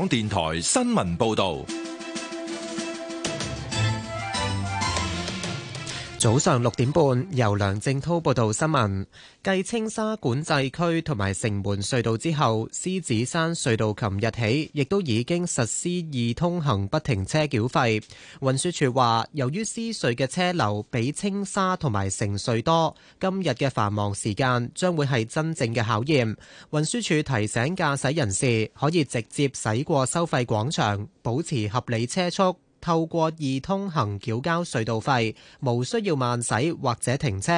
香港電台新聞報道。早上六點半，由梁正濤報道新聞。繼青沙管制區同埋城門隧道之後，獅子山隧道琴日起亦都已經實施易通行不停車繳費。運輸署話，由於獅隧嘅車流比青沙同埋城隧多，今日嘅繁忙時間將會係真正嘅考驗。運輸署提醒駕駛人士可以直接駛過收費廣場，保持合理車速。透過易通行繳交隧道費，無需要慢駛或者停車。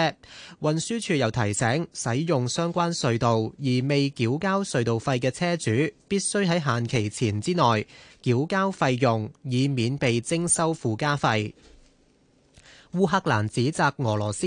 運輸署又提醒，使用相關隧道而未繳交隧道費嘅車主，必須喺限期前之內繳交費用，以免被徵收附加費。烏克蘭指責俄羅斯。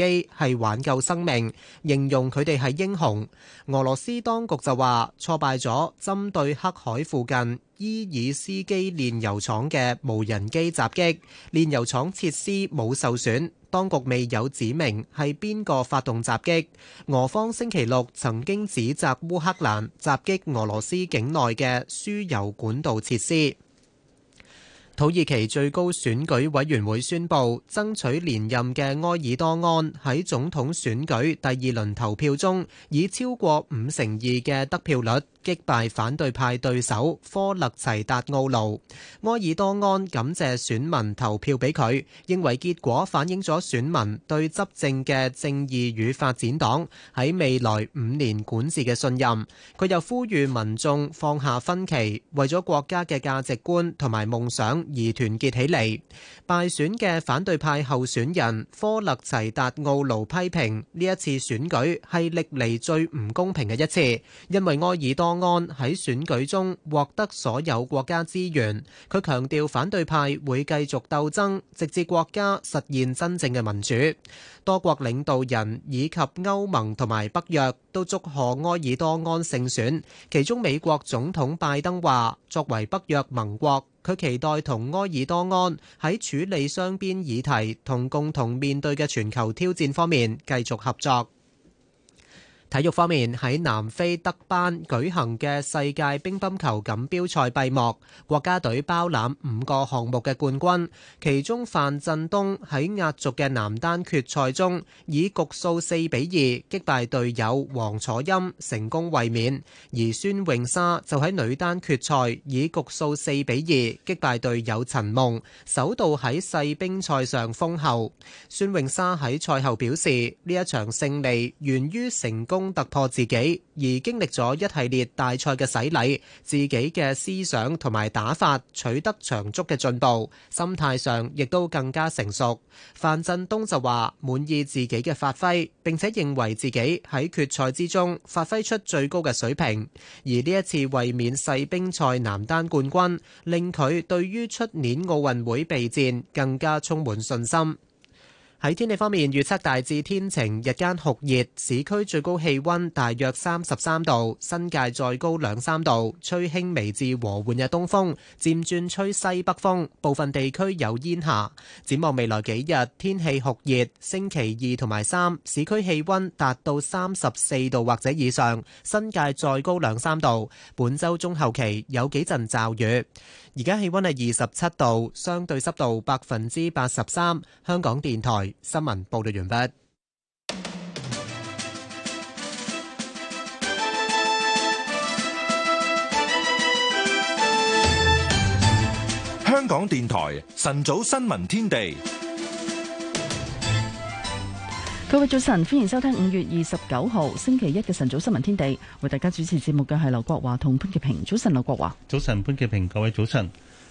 機係挽救生命，形容佢哋係英雄。俄羅斯當局就話挫敗咗針對黑海附近伊爾斯基煉油廠嘅無人機襲擊，煉油廠設施冇受損。當局未有指明係邊個發動襲擊。俄方星期六曾經指責烏克蘭襲擊俄羅斯境內嘅輸油管道設施。土耳其最高選舉委員會宣布，爭取連任嘅埃爾多安喺總統選舉第二輪投票中，以超過五成二嘅得票率。擊敗反對派對手科勒齊達奧盧，埃爾多安感謝選民投票俾佢，認為結果反映咗選民對執政嘅正義與發展黨喺未來五年管治嘅信任。佢又呼籲民眾放下分歧，為咗國家嘅價值觀同埋夢想而團結起嚟。敗選嘅反對派候選人科勒齊達奧盧批評呢一次選舉係歷嚟最唔公平嘅一次，因為埃爾多。多安喺選舉中獲得所有國家資源。佢強調，反對派會繼續鬥爭，直至國家實現真正嘅民主。多國領導人以及歐盟同埋北約都祝賀埃爾多安勝選。其中，美國總統拜登話：作為北約盟國，佢期待同埃爾多安喺處理雙邊議題同共同面對嘅全球挑戰方面繼續合作。體育方面，喺南非德班舉行嘅世界乒乓球錦標賽閉幕，國家隊包攬五個項目嘅冠軍，其中范振東喺壓軸嘅男單決賽中以局數四比二擊敗隊友王楚欽，成功衛冕；而孫穎莎就喺女單決賽以局數四比二擊敗隊友陳夢，首度喺世乒賽上封后。孫穎莎喺賽後表示，呢一場勝利源於成功，突破自己，而經歷咗一系列大賽嘅洗禮，自己嘅思想同埋打法取得長足嘅進步，心態上亦都更加成熟。范振東就話滿意自己嘅發揮，並且認為自己喺決賽之中發揮出最高嘅水平。而呢一次衛冕世乒賽男單冠軍，令佢對於出年奧運會備戰更加充滿信心。喺天氣方面，預測大致天晴，日間酷熱，市區最高氣溫大約三十三度，新界再高兩三度，吹輕微至和緩嘅東風，漸轉吹西北風，部分地區有煙霞。展望未來幾日，天氣酷熱，星期二同埋三，市區氣溫達到三十四度或者以上，新界再高兩三度。本周中後期有幾陣驟雨。而家氣溫係二十七度，相對濕度百分之八十三。香港電台新聞報道完畢。香港電台晨早新聞天地。各位早晨，歡迎收聽五月二十九號星期一嘅晨早新聞天地，為大家主持節目嘅係劉國華同潘潔平。早晨，劉國華。早晨，潘潔平。各位早晨，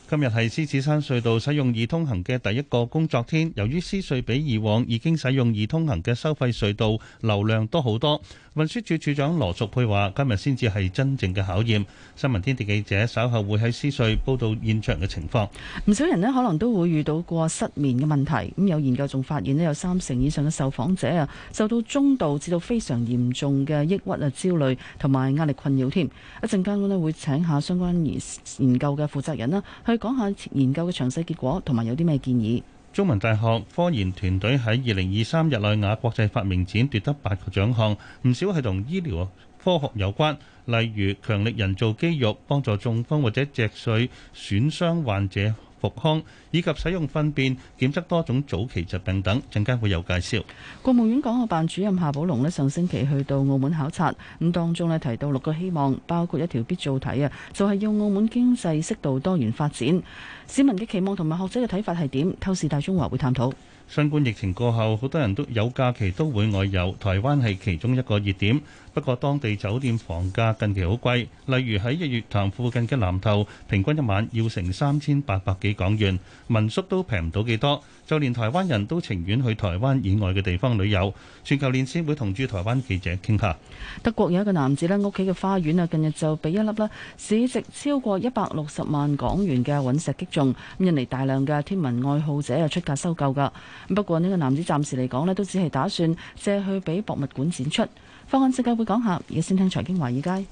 今日係獅子山隧道使用易通行嘅第一個工作天，由於獅隧比以往已經使用易通行嘅收費隧道流量多好多。運輸署署長羅淑佩話：今日先至係真正嘅考驗。新聞天地記者稍後會喺思隧報道現場嘅情況。唔少人呢，可能都會遇到過失眠嘅問題。咁有研究仲發現咧，有三成以上嘅受訪者啊，受到中度至到非常嚴重嘅抑鬱啊、焦慮同埋壓力困擾添。一陣間我咧會請下相關研研究嘅負責人啦，去講下研究嘅詳細結果同埋有啲咩建議。中文大學科研團隊喺二零二三日內瓦國際發明展奪得八個獎項，唔少係同醫療科學有關，例如強力人造肌肉幫助中風或者脊髓損傷患者。復康以及使用糞便檢測多種早期疾病等，陣間會有介紹。國務院港澳辦主任夏寶龍咧，上星期去到澳門考察，咁當中咧，提到六個希望，包括一條必做題啊，就係、是、要澳門經濟適度多元發展。市民嘅期望同埋學者嘅睇法係點？透視大中華會探討。新冠疫情過後，好多人都有假期都會外遊，台灣係其中一個熱點。不過，當地酒店房價近期好貴，例如喺日月潭附近嘅南投，平均一晚要成三千八百幾港元，民宿都平唔到幾多。就連台灣人都情願去台灣以外嘅地方旅遊。全球連線會同駐台灣記者傾下。德國有一個男子咧，屋企嘅花園啊，近日就俾一粒咧市值超過一百六十萬港元嘅隕石擊中，引嚟大量嘅天文愛好者又出價收購㗎。不過呢個男子暫時嚟講咧，都只係打算借去俾博物館展出。方案設計會講下，而家先聽財經華爾街。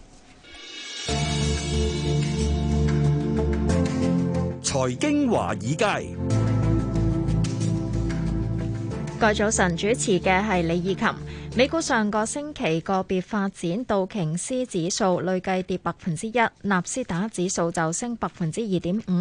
財經華爾街。各位早晨，主持嘅係李以琴。美股上個星期個別發展，道瓊斯指數累計跌百分之一，納斯達克指數就升百分之二點五，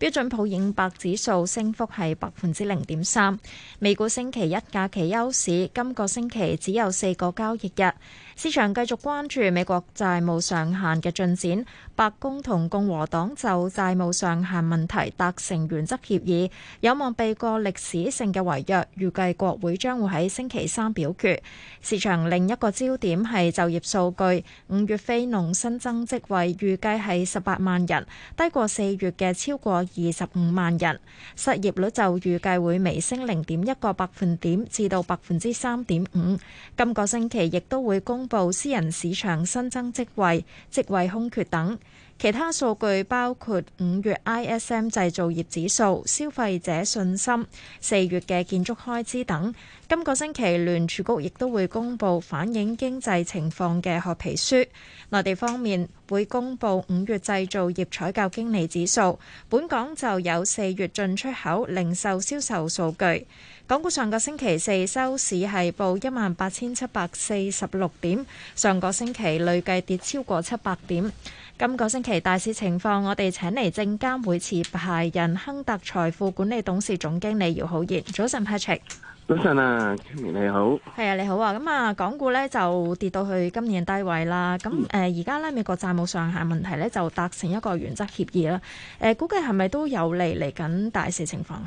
標準普爾五百指數升幅係百分之零點三。美股星期一假期休市，今個星期只有四個交易日。市場繼續關注美國債務上限嘅進展，白宮同共和黨就債務上限問題達成原則協議，有望避過歷史性嘅違約。預計國會將會喺星期三表決。市場另一個焦點係就業數據，五月非農新增職位預計係十八萬人，低過四月嘅超過二十五萬人。失業率就預計會微升零點一個百分點，至到百分之三點五。今個星期亦都會公。公布私人市場新增職位、職位空缺等。其他數據包括五月 ISM 製造業指數、消費者信心、四月嘅建築開支等。今個星期聯儲局亦都會公布反映經濟情況嘅褐皮書。內地方面會公布五月製造業採購經理指數，本港就有四月進出口、零售銷售銷售數據。港股上個星期四收市係報一萬八千七百四十六點，上個星期累計跌超過七百點。今個星期大市情況，我哋請嚟證監會持牌人亨達財富管理董事總經理姚浩賢。早晨，Patrick。早晨啊，Kimmy, 你好。係啊，你好啊。咁啊，港股咧就跌到去今年低位啦。咁誒，而家咧美國債務上限問題咧就達成一個原則協議啦。誒，估計係咪都有利嚟緊大市情況啊？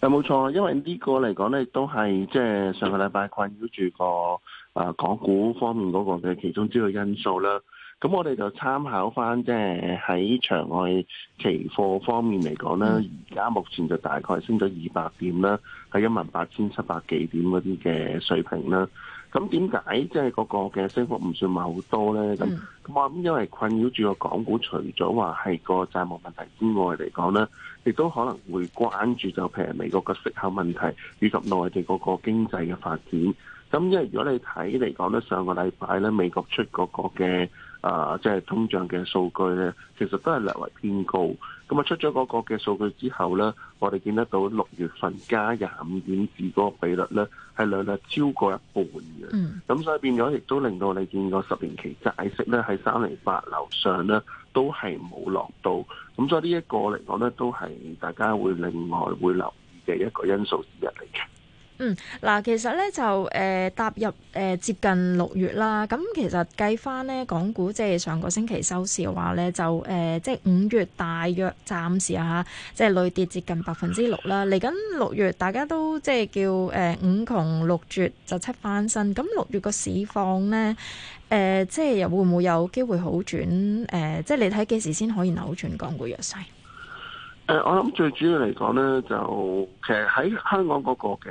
誒，冇錯，因為呢個嚟講咧都係即係上個禮拜困擾住個誒港股方面嗰個嘅其中之要因素啦。咁我哋就參考翻即係喺場外期貨方面嚟講咧，而家、嗯、目前就大概升咗二百點啦，係一萬八千七百幾點嗰啲嘅水平啦。咁點解即係嗰個嘅升幅唔算話好多咧？咁咁、嗯、我諗因為困擾住個港股，除咗話係個債務問題之外嚟講咧，亦都可能會關注就譬如美國嘅息口問題，以及內地嗰個經濟嘅發展。咁因為如果你睇嚟講咧，上個禮拜咧美國出嗰個嘅。啊，即、就、係、是、通脹嘅數據咧，其實都係略為偏高。咁啊，出咗嗰個嘅數據之後咧，我哋見得到六月份加廿五點子個比率咧，係略略超過一半嘅。咁、嗯、所以變咗亦都令到你見過十年期債息咧，喺三零八樓上咧，都係冇落到。咁所以呢一個嚟講咧，都係大家會另外會留意嘅一個因素之一嚟嘅。嗯，嗱，其實咧就誒、呃、踏入誒、呃、接近六月啦，咁其實計翻呢，港股即係上個星期收市嘅話咧，就誒、呃、即係五月大約暫時嚇，即係累跌接近百分之六啦。嚟緊六月大家都即係叫誒五窮六絕就七翻身，咁六月個市況咧誒、呃、即係又會唔會有機會好轉？誒、呃、即係你睇幾時先可以扭轉港股弱勢？誒、呃，我諗最主要嚟講咧，就其實喺香港嗰個嘅。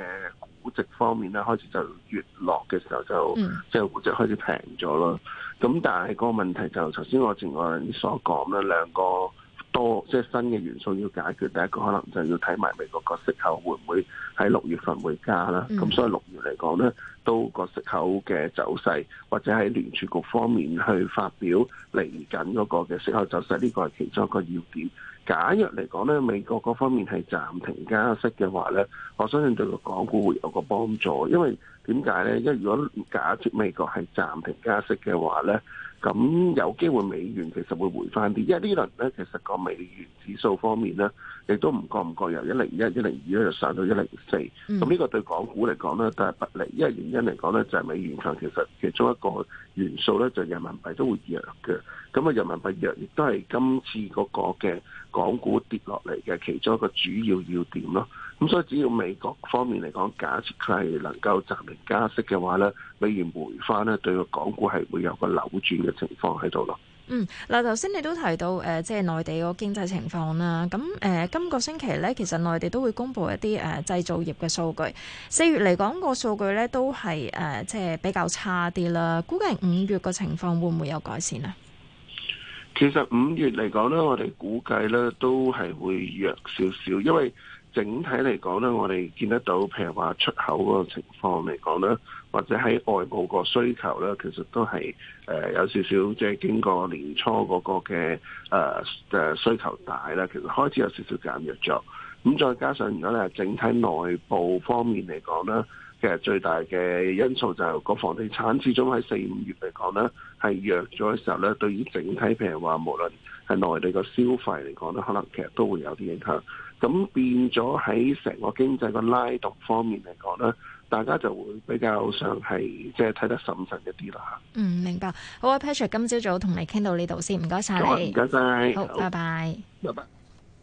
估值方面咧，開始就越落嘅時候就即係估值開始平咗咯。咁、嗯、但係個問題就是，頭先我前愛所講啦，兩個多即係、就是、新嘅元素要解決。第一個可能就要睇埋美國個息口會唔會喺六月份會加啦。咁、嗯、所以六月嚟講咧，都個息口嘅走勢，或者喺聯儲局方面去發表嚟緊嗰個嘅息口走勢呢、這個係其中一個要點。假若嚟講咧，美國各方面係暫停加息嘅話咧，我相信對個港股會有個幫助，因為點解咧？因為如果假設美國係暫停加息嘅話咧。咁有機會美元其實會回翻啲，因為呢輪咧其實個美元指數方面咧，亦都唔覺唔覺由一零一、一零二咧，就上到一零四。咁呢個對港股嚟講咧都係不利，因為原因嚟講咧就係美元強，其實其中一個元素咧就係人民幣都會弱嘅。咁啊，人民幣弱亦都係今次嗰個嘅港股跌落嚟嘅其中一個主要要點咯。咁所以只要美國方面嚟講，假設佢係能夠暫停加息嘅話咧，美元回翻咧，對個港股係會有個扭轉嘅情況喺度咯。嗯，嗱，頭先你都提到誒、呃，即係內地個經濟情況啦。咁誒、呃，今個星期咧，其實內地都會公布一啲誒、呃、製造業嘅數據。四月嚟講個數據咧，都係誒即係比較差啲啦。估計五月個情況會唔會有改善啊？其實五月嚟講咧，我哋估計咧都係會弱少少，因為。整體嚟講咧，我哋見得到，譬如話出口嗰個情況嚟講咧，或者喺外部個需求咧，其實都係誒、呃、有少少，即係經過年初嗰個嘅誒誒需求大啦，其實開始有少少減弱咗。咁再加上而家咧，整體內部方面嚟講咧，其實最大嘅因素就係、是、個房地產始終，始終喺四五月嚟講咧係弱咗嘅時候咧，對於整體譬如話無論係內地個消費嚟講咧，可能其實都會有啲影響。咁變咗喺成個經濟個拉動方面嚟講咧，大家就會比較上係即係睇得審慎一啲啦嚇。嗯，明白。好啊，Patrick，今朝早同你傾到呢度先，唔該晒，你、嗯。唔該晒。好，拜拜。拜拜。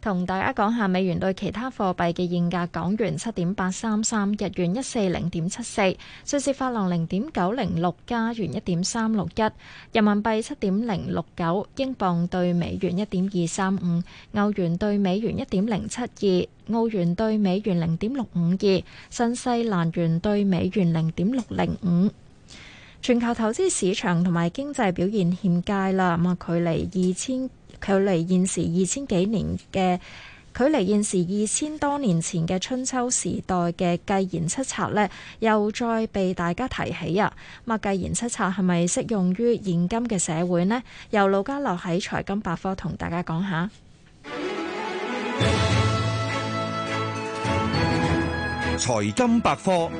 同大家講下美元對其他貨幣嘅現價：港元七點八三三，日元一四零點七四，瑞士法郎零點九零六，加元一點三六一，人民幣七點零六九，英鎊對美元一點二三五，歐元對美元一點零七二，澳元對美元零點六五二，新西蘭元對美元零點六零五。全球投資市場同埋經濟表現欠佳啦，咁啊距離二千。距離現時二千幾年嘅，距離現時二千多年前嘅春秋時代嘅《計然七策》呢，又再被大家提起啊！咁計然七策係咪適用於現今嘅社會呢？由老家留喺財金百科同大家講下。財金百科。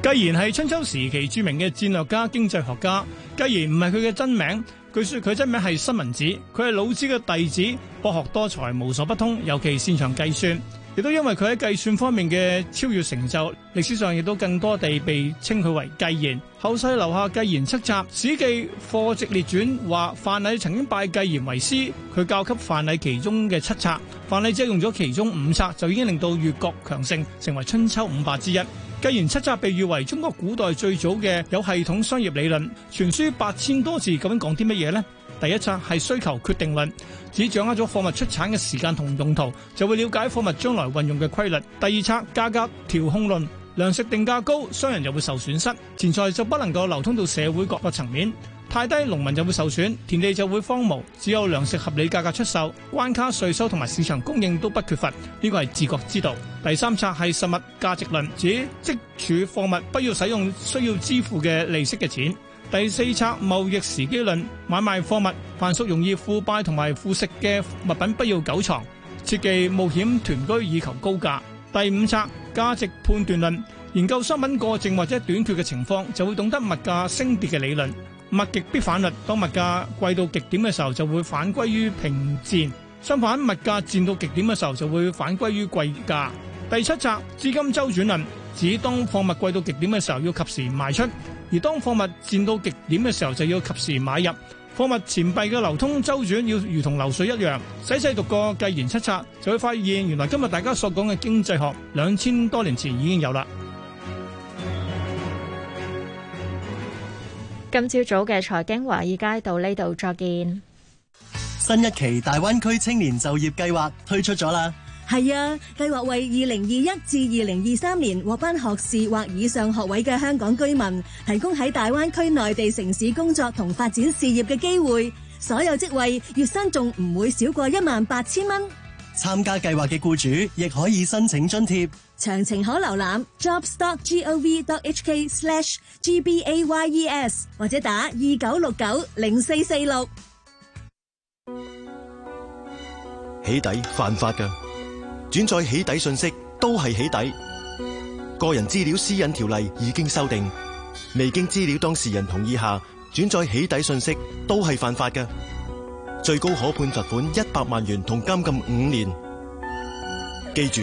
計然係春秋時期著名嘅戰略家、經濟學家。計然唔係佢嘅真名，據說佢真名係新文子。佢係老子嘅弟子，博學多才，無所不通，尤其擅長計算。亦都因為佢喺計算方面嘅超越成就，歷史上亦都更多地被稱佢為計然。後世留下《計然七策》。《史記·貨殖列傳》話范蠡曾經拜計然為師，佢教給范蠡其中嘅七策。范蠡只係用咗其中五策，就已經令到越國強盛，成為春秋五霸之一。既然七策被譽為中國古代最早嘅有系統商業理論，全書八千多字究竟講啲乜嘢呢？第一策係需求決定論，只掌握咗貨物出產嘅時間同用途，就會了解貨物將來運用嘅規律。第二策價格調控論，糧食定價高，商人又會受損失，錢財就不能夠流通到社會各個層面。太低，農民就會受損，田地就會荒蕪。只有糧食合理價格出售，關卡、稅收同埋市場供應都不缺乏。呢、這個係治國之道。第三策係實物價值論，指積儲貨物不要使用需要支付嘅利息嘅錢。第四策貿易時機論，買賣貨物，凡屬容易腐敗同埋腐蝕嘅物品不要久藏，切忌冒險囤居以求高價。第五策價值判斷論，研究商品過剩或者短缺嘅情況，就會懂得物價升跌嘅理論。物極必反律，當物價貴到極點嘅時候，就會反歸於平賤；相反，物價賤到極點嘅時候，就會反歸於貴價。第七則，資金周轉論，指當貨物貴到極點嘅時候，要及時賣出；而當貨物賤到極點嘅時候，就要及時買入。貨物錢幣嘅流通周轉，要如同流水一樣。細細讀過《計然七策》，就會發現，原來今日大家所講嘅經濟學，兩千多年前已經有啦。今朝早嘅財經華爾街到呢度再見。新一期大灣區青年就業計劃推出咗啦。係啊，計劃為二零二一至二零二三年獲頒學士或以上學位嘅香港居民提供喺大灣區內地城市工作同發展事業嘅機會，所有職位月薪仲唔會少過一萬八千蚊。參加計劃嘅雇主亦可以申請津貼。詳情可瀏覽 jobstock.gov.hk/gbayes 或者打二九六九零四四六。起底犯法㗎，轉載起底信息都係起底。個人資料私隱條例已經修訂，未經資料當事人同意下轉載起底信息都係犯法㗎，最高可判罰款一百萬元同監禁五年。記住。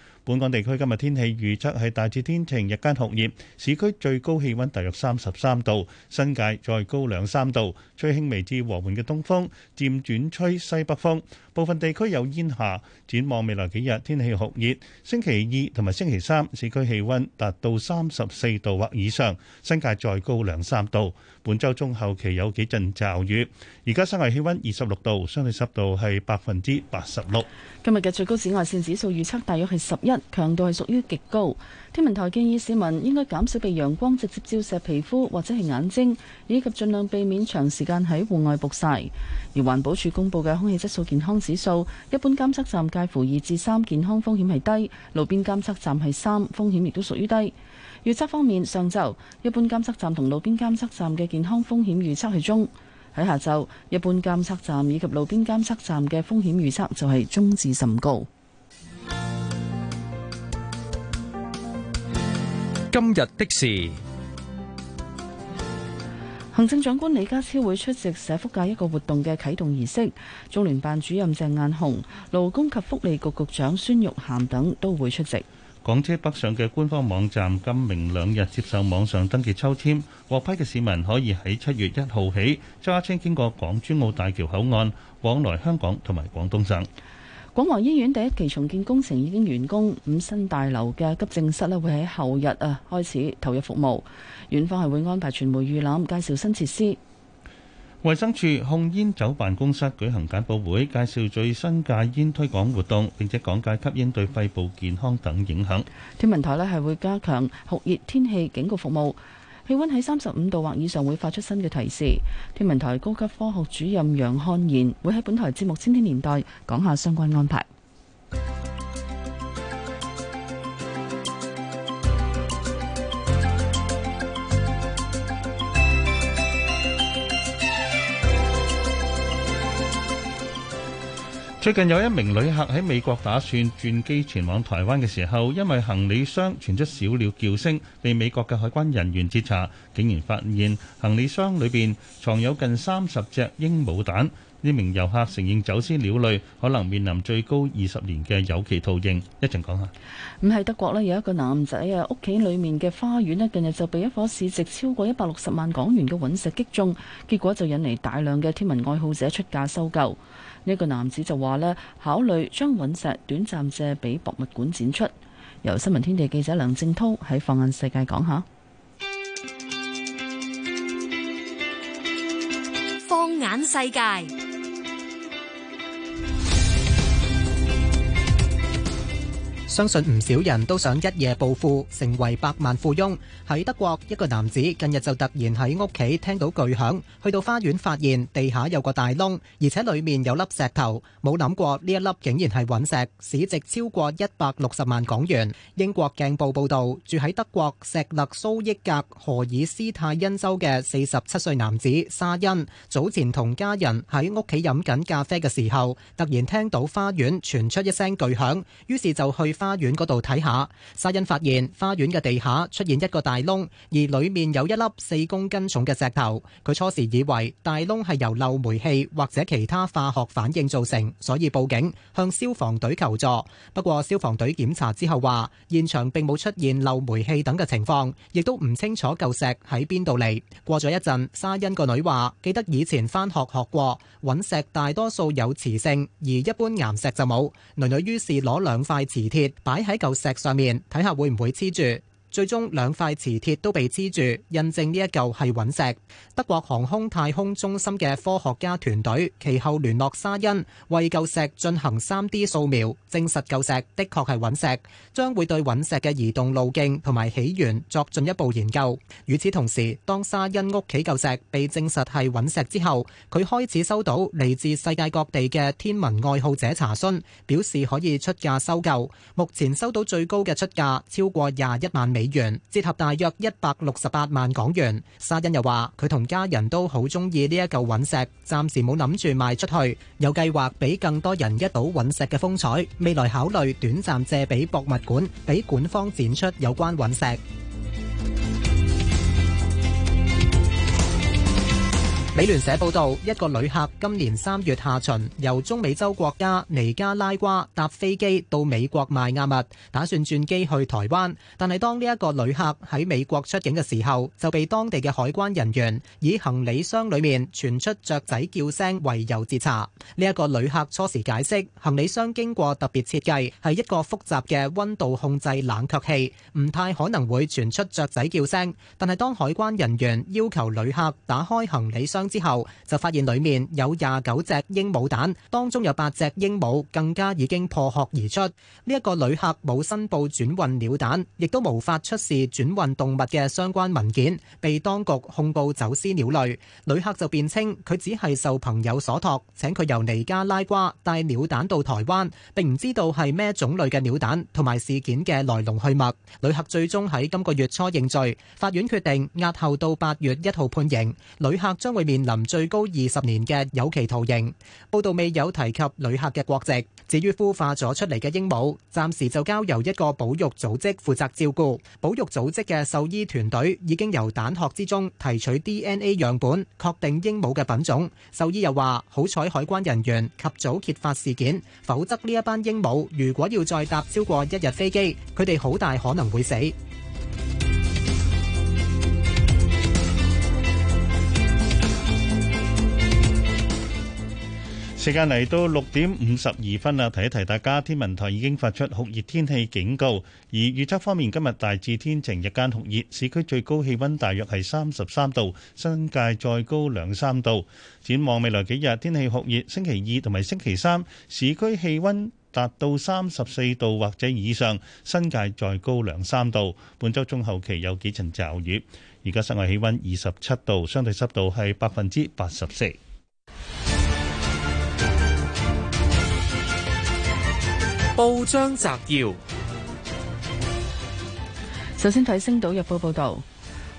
本港地區今日天、天氣預測係大致天晴，日間酷熱，市區最高氣溫大約三十三度，新界再高兩三度，吹輕微至和緩嘅東風，漸轉吹西北風。部分地區有煙霞，展望未來幾日天氣酷熱，星期二同埋星期三市區氣溫達到三十四度或以上，新界再高兩三度。本週中後期有幾陣驟雨，而家室外氣溫二十六度，相對濕度係百分之八十六。今日嘅最高紫外線指數預測大約係十一，強度係屬於極高。天文台建議市民應該減少被陽光直接照射皮膚或者係眼睛，以及盡量避免長時間喺戶外曝曬。而環保署公布嘅空氣質素健康指數，一般監測站介乎二至三，健康風險係低；路邊監測站係三，風險亦都屬於低。預測方面，上晝一般監測站同路邊監測站嘅健康風險預測係中；喺下晝，一般監測站以及路邊監測站嘅風險預測就係中至甚高。今日的事，行政長官李家超會出席社福界一個活動嘅啟動儀式，中聯辦主任鄭雁雄、勞工及福利局局長孫玉菡等都會出席。港車北上嘅官方網站今明兩日接受網上登記抽籤，獲批嘅市民可以喺七月一號起揸車經過港珠澳大橋口岸往來香港同埋廣東省。廣華醫院第一期重建工程已經完工，五新大樓嘅急症室咧會喺後日啊開始投入服務。院方係會安排傳媒預覽，介紹新設施。衛生署控煙酒辦公室舉行簡報會，介紹最新戒煙推廣活動，並且講解吸煙對肺部健康等影響。天文台咧係會加強酷熱天氣警告服務。氣溫喺三十五度或以上會發出新嘅提示。天文台高級科學主任楊漢賢會喺本台節目《千禧年代》講下相關安排。最近有一名旅客喺美國打算轉機前往台灣嘅時候，因為行李箱傳出小鳥叫聲，被美國嘅海關人員截查，竟然發現行李箱裏邊藏有近三十隻鸚鵡蛋。呢名遊客承認走私鳥類，可能面臨最高二十年嘅有期徒刑。一陣講下。唔係德國呢，有一個男仔啊，屋企裏面嘅花園呢，近日就被一顆市值超過一百六十萬港元嘅隕石擊中，結果就引嚟大量嘅天文愛好者出價收購。呢個男子就話咧，考慮將隕石短暫借俾博物館展出。由新聞天地記者梁正濤喺放眼世界講下。放眼世界。相信唔少人都想一夜暴富，成為百萬富翁。喺德國，一個男子近日就突然喺屋企聽到巨響，去到花園發現地下有個大窿，而且裏面有粒石頭，冇諗過呢一粒竟然係隕石，市值超過一百六十萬港元。英國鏡報報道，住喺德國石勒蘇伊格荷爾斯泰恩州嘅四十七歲男子沙恩，早前同家人喺屋企飲緊咖啡嘅時候，突然聽到花園傳出一聲巨響，於是就去。花園嗰度睇下，沙欣發現花園嘅地下出現一個大窿，而裏面有一粒四公斤重嘅石頭。佢初時以為大窿係由漏煤氣或者其他化學反應造成，所以報警向消防隊求助。不過消防隊檢查之後話，現場並冇出現漏煤氣等嘅情況，亦都唔清楚舊石喺邊度嚟。過咗一陣，沙欣個女話記得以前返學學過，隕石大多數有磁性，而一般岩石就冇。女女於是攞兩塊磁鐵。擺喺嚿石上面，睇下會唔會黐住。最終兩塊磁鐵都被黐住，印證呢一嚿係隕石。德國航空太空中心嘅科學家團隊其後聯絡沙恩，為舊石進行 3D 掃描，證實舊石的確係隕石，將會對隕石嘅移動路徑同埋起源作進一步研究。與此同時，當沙恩屋企舊石，石被證實係隕石之後，佢開始收到嚟自世界各地嘅天文愛好者查詢，表示可以出價收購。目前收到最高嘅出價超過廿一萬美。美元折合大約一百六十八萬港元。沙欣又話：佢同家人都好中意呢一嚿隕石，暫時冇諗住賣出去，有計劃俾更多人一睹隕石嘅風采。未來考慮短暫借俾博物館，俾館方展出有關隕石。美聯社報道，一個旅客今年三月下旬由中美洲國家尼加拉瓜搭飛機到美國邁阿密，打算轉機去台灣。但係當呢一個旅客喺美國出境嘅時候，就被當地嘅海關人員以行李箱裏面傳出雀仔叫聲為由截查。呢、這、一個旅客初時解釋，行李箱經過特別設計，係一個複雜嘅溫度控制冷卻器，唔太可能會傳出雀仔叫聲。但係當海關人員要求旅客打開行李箱，之後就發現裏面有廿九隻鸚鵡蛋，當中有八隻鸚鵡更加已經破殼而出。呢一個旅客冇申報轉運鳥蛋，亦都無法出示轉運動物嘅相關文件，被當局控告走私鳥類。旅客就辯稱佢只係受朋友所託，請佢由尼加拉瓜帶鳥蛋到台灣，並唔知道係咩種類嘅鳥蛋同埋事件嘅來龍去脈。旅客最終喺今個月初認罪，法院決定押後到八月一號判刑。旅客將會面臨最高二十年嘅有期徒刑。報道未有提及旅客嘅國籍。至於孵化咗出嚟嘅鸚鵡，暫時就交由一個保育組織負責照顧。保育組織嘅獸醫團隊已經由蛋殼之中提取 DNA 樣本，確定鸚鵡嘅品種。獸醫又話：好彩海關人員及早揭發事件，否則呢一班鸚鵡如果要再搭超過一日飛機，佢哋好大可能會死。時間嚟到六點五十二分啦，提一提大家，天文台已經發出酷熱天氣警告。而預測方面，今日大致天晴，日間酷熱，市區最高氣溫大約係三十三度，新界再高兩三度。展望未來幾日天氣酷熱，星期二同埋星期三市區氣温達到三十四度或者以上，新界再高兩三度。本周中後期有幾陣驟雨。而家室外氣温二十七度，相對濕度係百分之八十四。報章摘要，首先睇《星島日報》報道，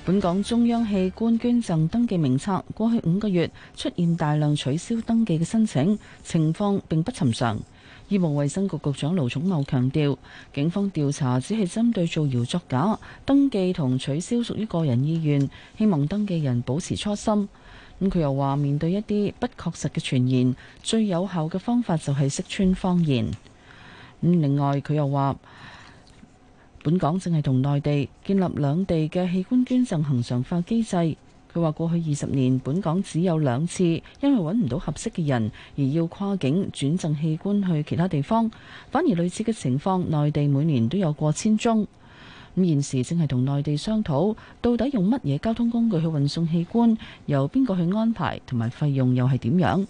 本港中央器官捐贈登記名冊過去五個月出現大量取消登記嘅申請，情況並不尋常。醫務衛生局局長盧寵茂強調，警方調查只係針對造謠作假，登記同取消屬於個人意願，希望登記人保持初心。咁佢又話，面對一啲不確實嘅傳言，最有效嘅方法就係識穿謊言。另外佢又話，本港正係同內地建立兩地嘅器官捐贈恒常化機制。佢話過去二十年，本港只有兩次因為揾唔到合適嘅人而要跨境轉贈器官去其他地方，反而類似嘅情況內地每年都有過千宗。咁、嗯、現時正係同內地商討到底用乜嘢交通工具去運送器官，由邊個去安排，同埋費用又係點樣？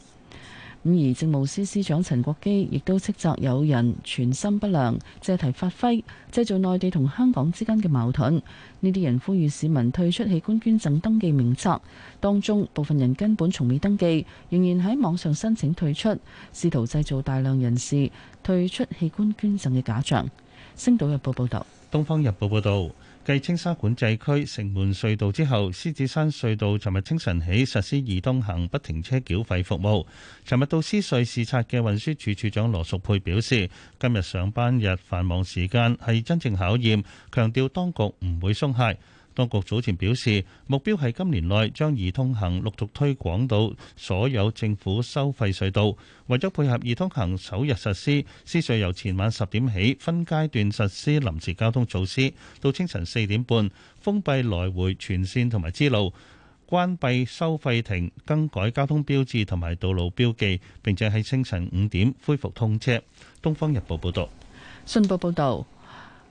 咁而政務司司長陳國基亦都斥責有人存心不良，借題發揮，製造內地同香港之間嘅矛盾。呢啲人呼籲市民退出器官捐贈登記名冊，當中部分人根本從未登記，仍然喺網上申請退出，試圖製造大量人士退出器官捐贈嘅假象。星島日報報道。東方日報報導。繼青沙管制區、城門隧道之後，獅子山隧道尋日清晨起實施易通行不停車繳費服務。尋日到獅隧視察嘅運輸署署長羅淑佩表示，今日上班日繁忙時間係真正考驗，強調當局唔會鬆懈。當局早前表示，目標係今年內將二通行陸續推廣到所有政府收費隧道。為咗配合二通行首日實施，司隧由前晚十點起分階段實施臨時交通措施，到清晨四點半封閉來回全線同埋支路，關閉收費亭，更改交通標誌同埋道路標記，並且喺清晨五點恢復通車。《東方日報》報道。《信報》報道。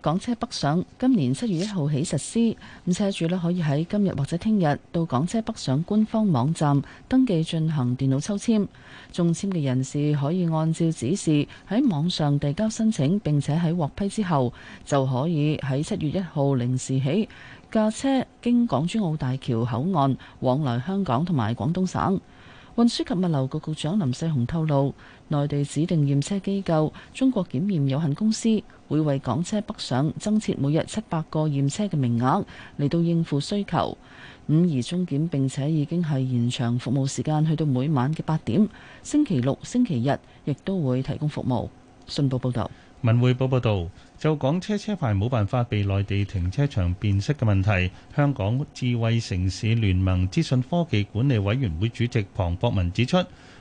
港車北上今年七月一號起實施，咁車主呢，可以喺今日或者聽日到港車北上官方網站登記進行電腦抽籤。中籤嘅人士可以按照指示喺網上遞交申請，並且喺獲批之後就可以喺七月一號零時起駕車經港珠澳大橋口岸往來香港同埋廣東省。運輸及物流局局長林世雄透露，內地指定驗車機構中國檢驗有限公司。會為港車北上增設每日七百個驗車嘅名額，嚟到應付需求。五二終檢並且已經係延長服務時間，去到每晚嘅八點。星期六、星期日亦都會提供服務。信報報導，文匯報報導就港車車牌冇辦法被內地停車場辨識嘅問題，香港智慧城市聯盟資訊科技管理委員會主席龐博文指出，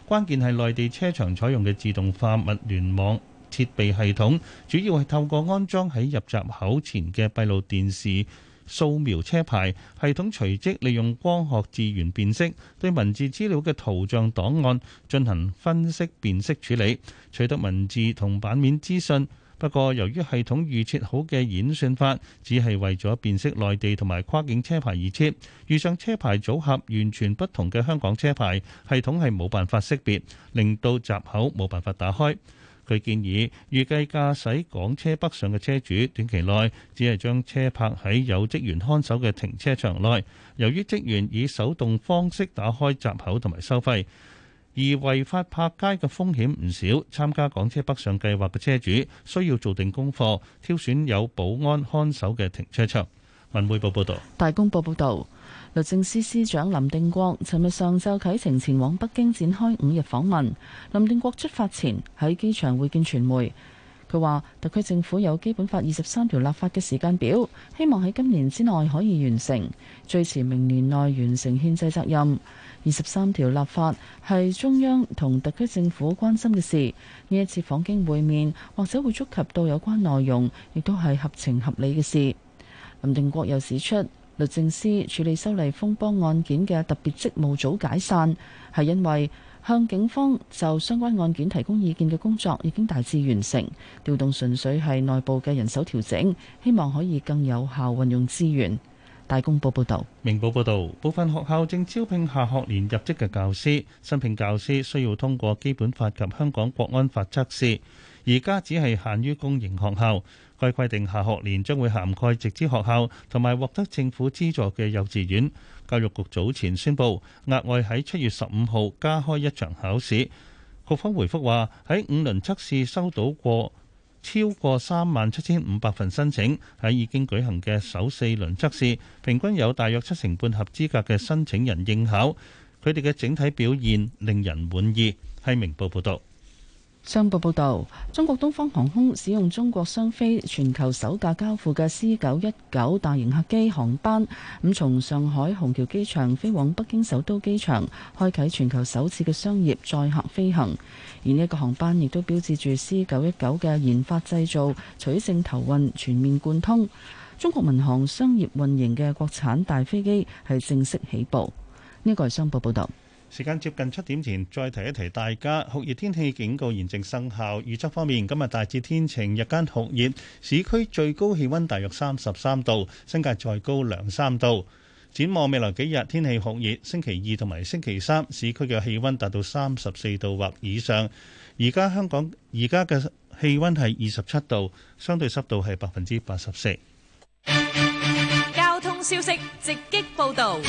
關鍵係內地車場採用嘅自動化物聯網設備系統主要係透過安裝喺入閘口前嘅閉路電視掃描車牌系統，隨即利用光學字元辨識對文字資料嘅圖像檔案進行分析辨識處理，取得文字同版面資訊。不過，由於系統預設好嘅演算法只係為咗辨識內地同埋跨境車牌而設，遇上車牌組合完全不同嘅香港車牌，系統係冇辦法識別，令到閘口冇辦法打開。佢建議，預計駕駛港車北上嘅車主，短期內只係將車泊喺有職員看守嘅停車場內。由於職員以手動方式打開閘口同埋收費，而違法泊街嘅風險唔少。參加港車北上計劃嘅車主需要做定功課，挑選有保安看守嘅停車場。文匯報報導。大公報報導。律政司司長林定國尋日上晝啟程前往北京展開五日訪問。林定國出發前喺機場會見傳媒，佢話特區政府有《基本法》二十三條立法嘅時間表，希望喺今年之內可以完成，最遲明年內完成憲制責任。二十三條立法係中央同特區政府關心嘅事，呢一次訪京會面或者會觸及到有關內容，亦都係合情合理嘅事。林定國又指出。律政司處理修例風波案件嘅特別職務組解散，係因為向警方就相關案件提供意見嘅工作已經大致完成，調動純粹係內部嘅人手調整，希望可以更有效運用資源。大公報報導。明報報導，部分學校正招聘下學年入職嘅教師，新聘教師需要通過基本法及香港國安法測試，而家只係限於公營學校。該規定下學年將會涵蓋直資學校同埋獲得政府資助嘅幼稚園，教育局早前宣布，額外喺七月十五號加開一場考試，局方回覆話喺五輪測試收到過超過三萬七千五百份申請，喺已經舉行嘅首四輪測試平均有大約七成半合資格嘅申請人應考，佢哋嘅整體表現令人滿意。係明報報道。商報報道，中國東方航空使用中國商飛全球首架交付嘅 C919 大型客機航班，咁從上海虹橋機場飛往北京首都機場，開啟全球首次嘅商業載客飛行。而呢一個航班亦都標誌住 C919 嘅研發製造、取證投運全面貫通。中國民航商業運營嘅國產大飛機係正式起步。呢、這個係商報報道。時間接近七點前，再提一提大家酷熱天氣警告現正生效。預測方面，今日大致天晴，日間酷熱，市區最高氣溫大約三十三度，新界再高兩三度。展望未來幾日天氣酷熱，星期二同埋星期三市區嘅氣溫達到三十四度或以上。而家香港而家嘅氣溫係二十七度，相對濕度係百分之八十四。交通消息直擊報道。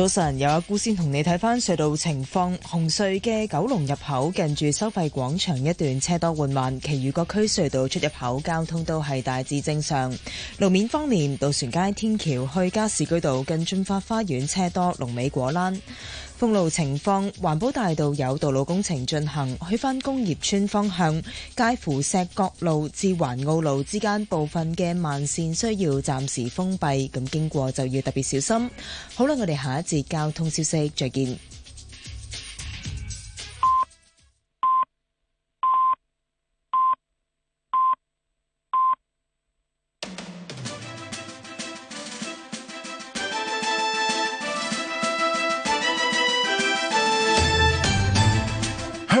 早晨，有阿姑先同你睇翻隧道情況。紅隧嘅九龍入口近住收費廣場一段車多緩慢，其餘各區隧道出入口交通都係大致正常。路面方面，渡船街天橋去加士居道近駿發花園車多，龍尾果欄。封路情況，環保大道有道路工程進行，去返工業村方向介乎石角路至環澳路之間部分嘅慢綫需要暫時封閉，咁經過就要特別小心。好啦，我哋下一節交通消息再見。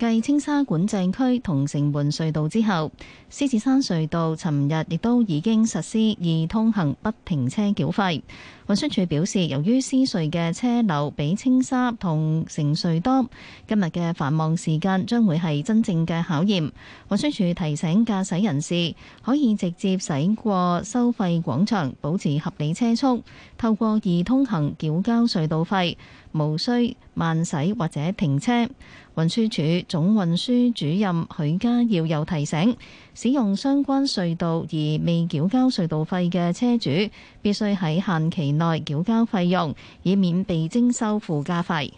繼青沙管制區同城門隧道之後，獅子山隧道尋日亦都已經實施易通行不停車繳費。運輸署表示，由於獅隧嘅車流比青沙同城隧多，今日嘅繁忙時間將會係真正嘅考驗。運輸署提醒駕駛人士可以直接駛過收費廣場，保持合理車速，透過易通行繳交隧道費，無需慢駛或者停車。運輸署總運輸主任許家耀又提醒：使用相關隧道而未繳交隧道費嘅車主，必須喺限期內繳交費用，以免被徵收附加費。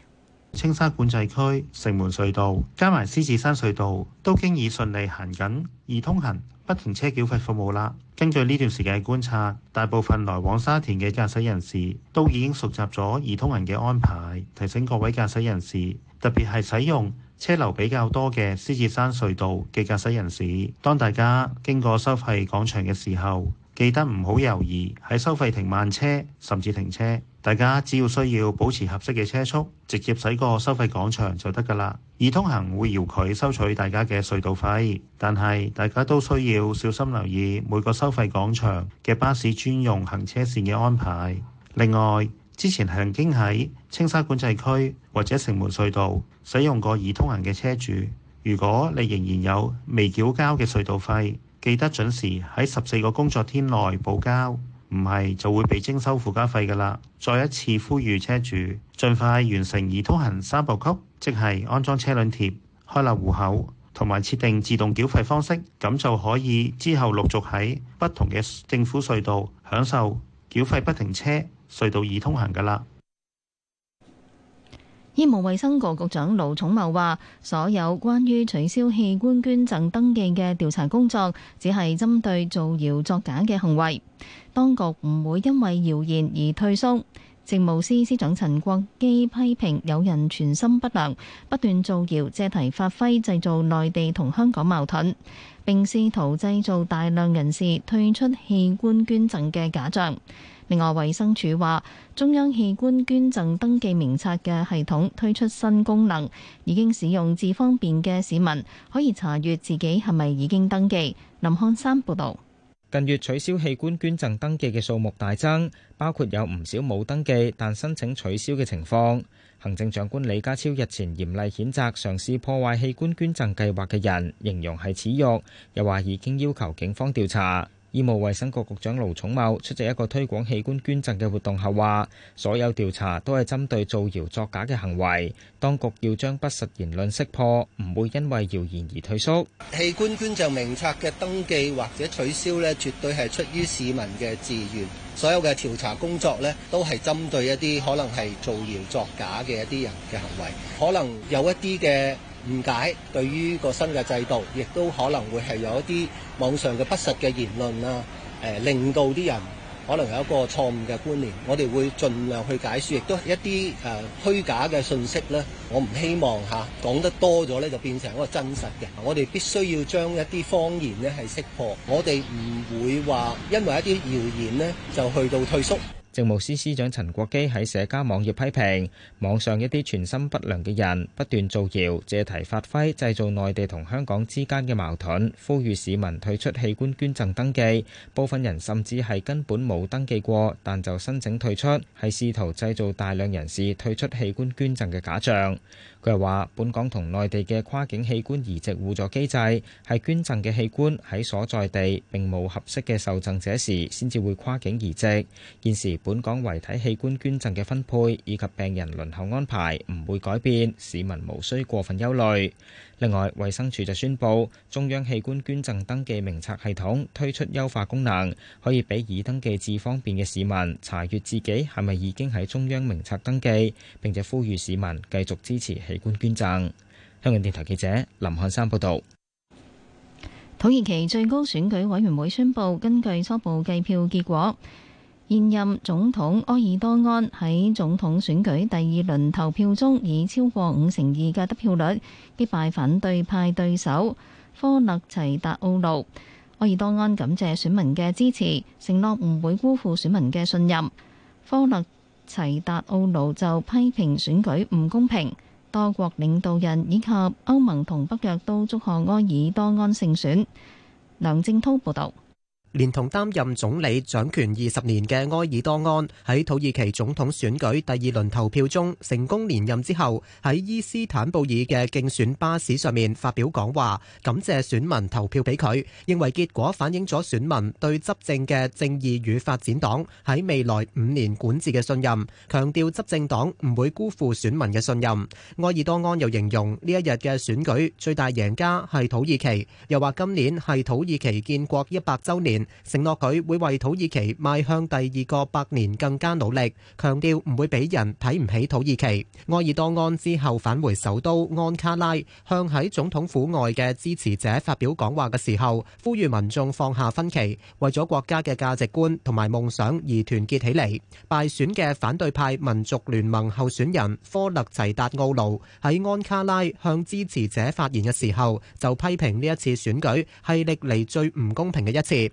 青沙管制區、城門隧道、加埋獅子山隧道，都經已順利行緊易通行不停車繳費服務啦。根據呢段時間嘅觀察，大部分來往沙田嘅駕駛人士都已經熟習咗易通行嘅安排。提醒各位駕駛人士，特別係使用車流比較多嘅獅子山隧道嘅駕駛人士，當大家經過收費廣場嘅時候，記得唔好猶豫喺收費亭慢車甚至停車。大家只要需要保持合適嘅車速，直接駛過收費廣場就得㗎啦。而通行會遙距收取大家嘅隧道費，但係大家都需要小心留意每個收費廣場嘅巴士專用行車線嘅安排。另外，之前曾經喺青沙管制區或者城門隧道使用過易通行嘅車主，如果你仍然有未繳交嘅隧道費，記得準時喺十四個工作天內補交，唔係就會被徵收附加費㗎啦。再一次呼籲車主盡快完成易通行三部曲，即係安裝車輛貼、開立戶口同埋設定自動繳費方式，咁就可以之後陸續喺不同嘅政府隧道享受繳費不停車。隧道已通行㗎啦！醫務衛生局局長盧寵茂話：所有關於取消器官捐贈登記嘅調查工作，只係針對造謠作假嘅行為。當局唔會因為謠言而退縮。政務司司長陳國基批評有人存心不良，不斷造謠，借題發揮，製造內地同香港矛盾，並試圖製造大量人士退出器官捐贈嘅假象。另外，衛生署話，中央器官捐贈登記名冊嘅系統推出新功能，已經使用至方便嘅市民可以查閲自己係咪已經登記。林漢山報導。近月取消器官捐贈登記嘅數目大增，包括有唔少冇登記但申請取消嘅情況。行政長官李家超日前嚴厲譴責嘗試破壞器官捐贈計劃嘅人，形容係恥辱，又話已經要求警方調查。醫務衛生局局長盧寵茂出席一個推廣器官捐贈嘅活動後話：所有調查都係針對造謠作假嘅行為，當局要將不實言論識破，唔會因為謠言而退縮。器官捐贈名冊嘅登記或者取消咧，絕對係出於市民嘅自願。所有嘅調查工作咧，都係針對一啲可能係造謠作假嘅一啲人嘅行為，可能有一啲嘅。誤解對於個新嘅制度，亦都可能會係有一啲網上嘅不實嘅言論啊。誒，令到啲人可能有一個錯誤嘅觀念。我哋會盡量去解説，亦都係一啲誒虛假嘅信息咧。我唔希望嚇講得多咗咧，就變成一個真實嘅。我哋必須要將一啲謊言咧係識破。我哋唔會話因為一啲謠言咧就去到退縮。政務司司長陳國基喺社交網頁批評網上一啲存心不良嘅人不斷造謠、借題發揮、製造內地同香港之間嘅矛盾，呼籲市民退出器官捐贈登記。部分人甚至係根本冇登記過，但就申請退出，係試圖製造大量人士退出器官捐贈嘅假象。佢話：本港同內地嘅跨境器官移植互助機制，係捐贈嘅器官喺所在地並冇合適嘅受贈者時，先至會跨境移植。現時本港遺體器官捐贈嘅分配以及病人輪候安排唔會改變，市民無需過分憂慮。另外，衛生署就宣布中央器官捐贈登記名冊系統推出優化功能，可以俾已登記至方便嘅市民查閱自己係咪已經喺中央名冊登記，並且呼籲市民繼續支持器官捐贈。香港電台記者林漢山報道。土耳其最高選舉委員會宣布，根據初步計票結果，現任總統埃爾多安喺總統選舉第二輪投票中，以超過五成二嘅得票率擊敗反對派對手科勒齊達奧路，埃爾多安感謝選民嘅支持，承諾唔會辜負選民嘅信任。科勒齊達奧路就批評選舉唔公平。多國領導人以及歐盟同北約都祝賀埃爾多安勝選。梁正滔報導。連同擔任總理掌權二十年嘅埃爾多安喺土耳其總統選舉第二輪投票中成功連任之後，喺伊斯坦布爾嘅競選巴士上面發表講話，感謝選民投票俾佢，認為結果反映咗選民對執政嘅正義與發展黨喺未來五年管治嘅信任，強調執政黨唔會辜負選民嘅信任。埃爾多安又形容呢一日嘅選舉最大贏家係土耳其，又話今年係土耳其建國一百週年。承諾佢會為土耳其邁向第二個百年更加努力，強調唔會俾人睇唔起土耳其。埃爾多安之後返回首都安卡拉，向喺總統府外嘅支持者發表講話嘅時候，呼籲民眾放下分歧，為咗國家嘅價值觀同埋夢想而團結起嚟。敗選嘅反對派民族聯盟候選人科勒齊達奧盧喺安卡拉向支持者發言嘅時候，就批評呢一次選舉係歷嚟最唔公平嘅一次。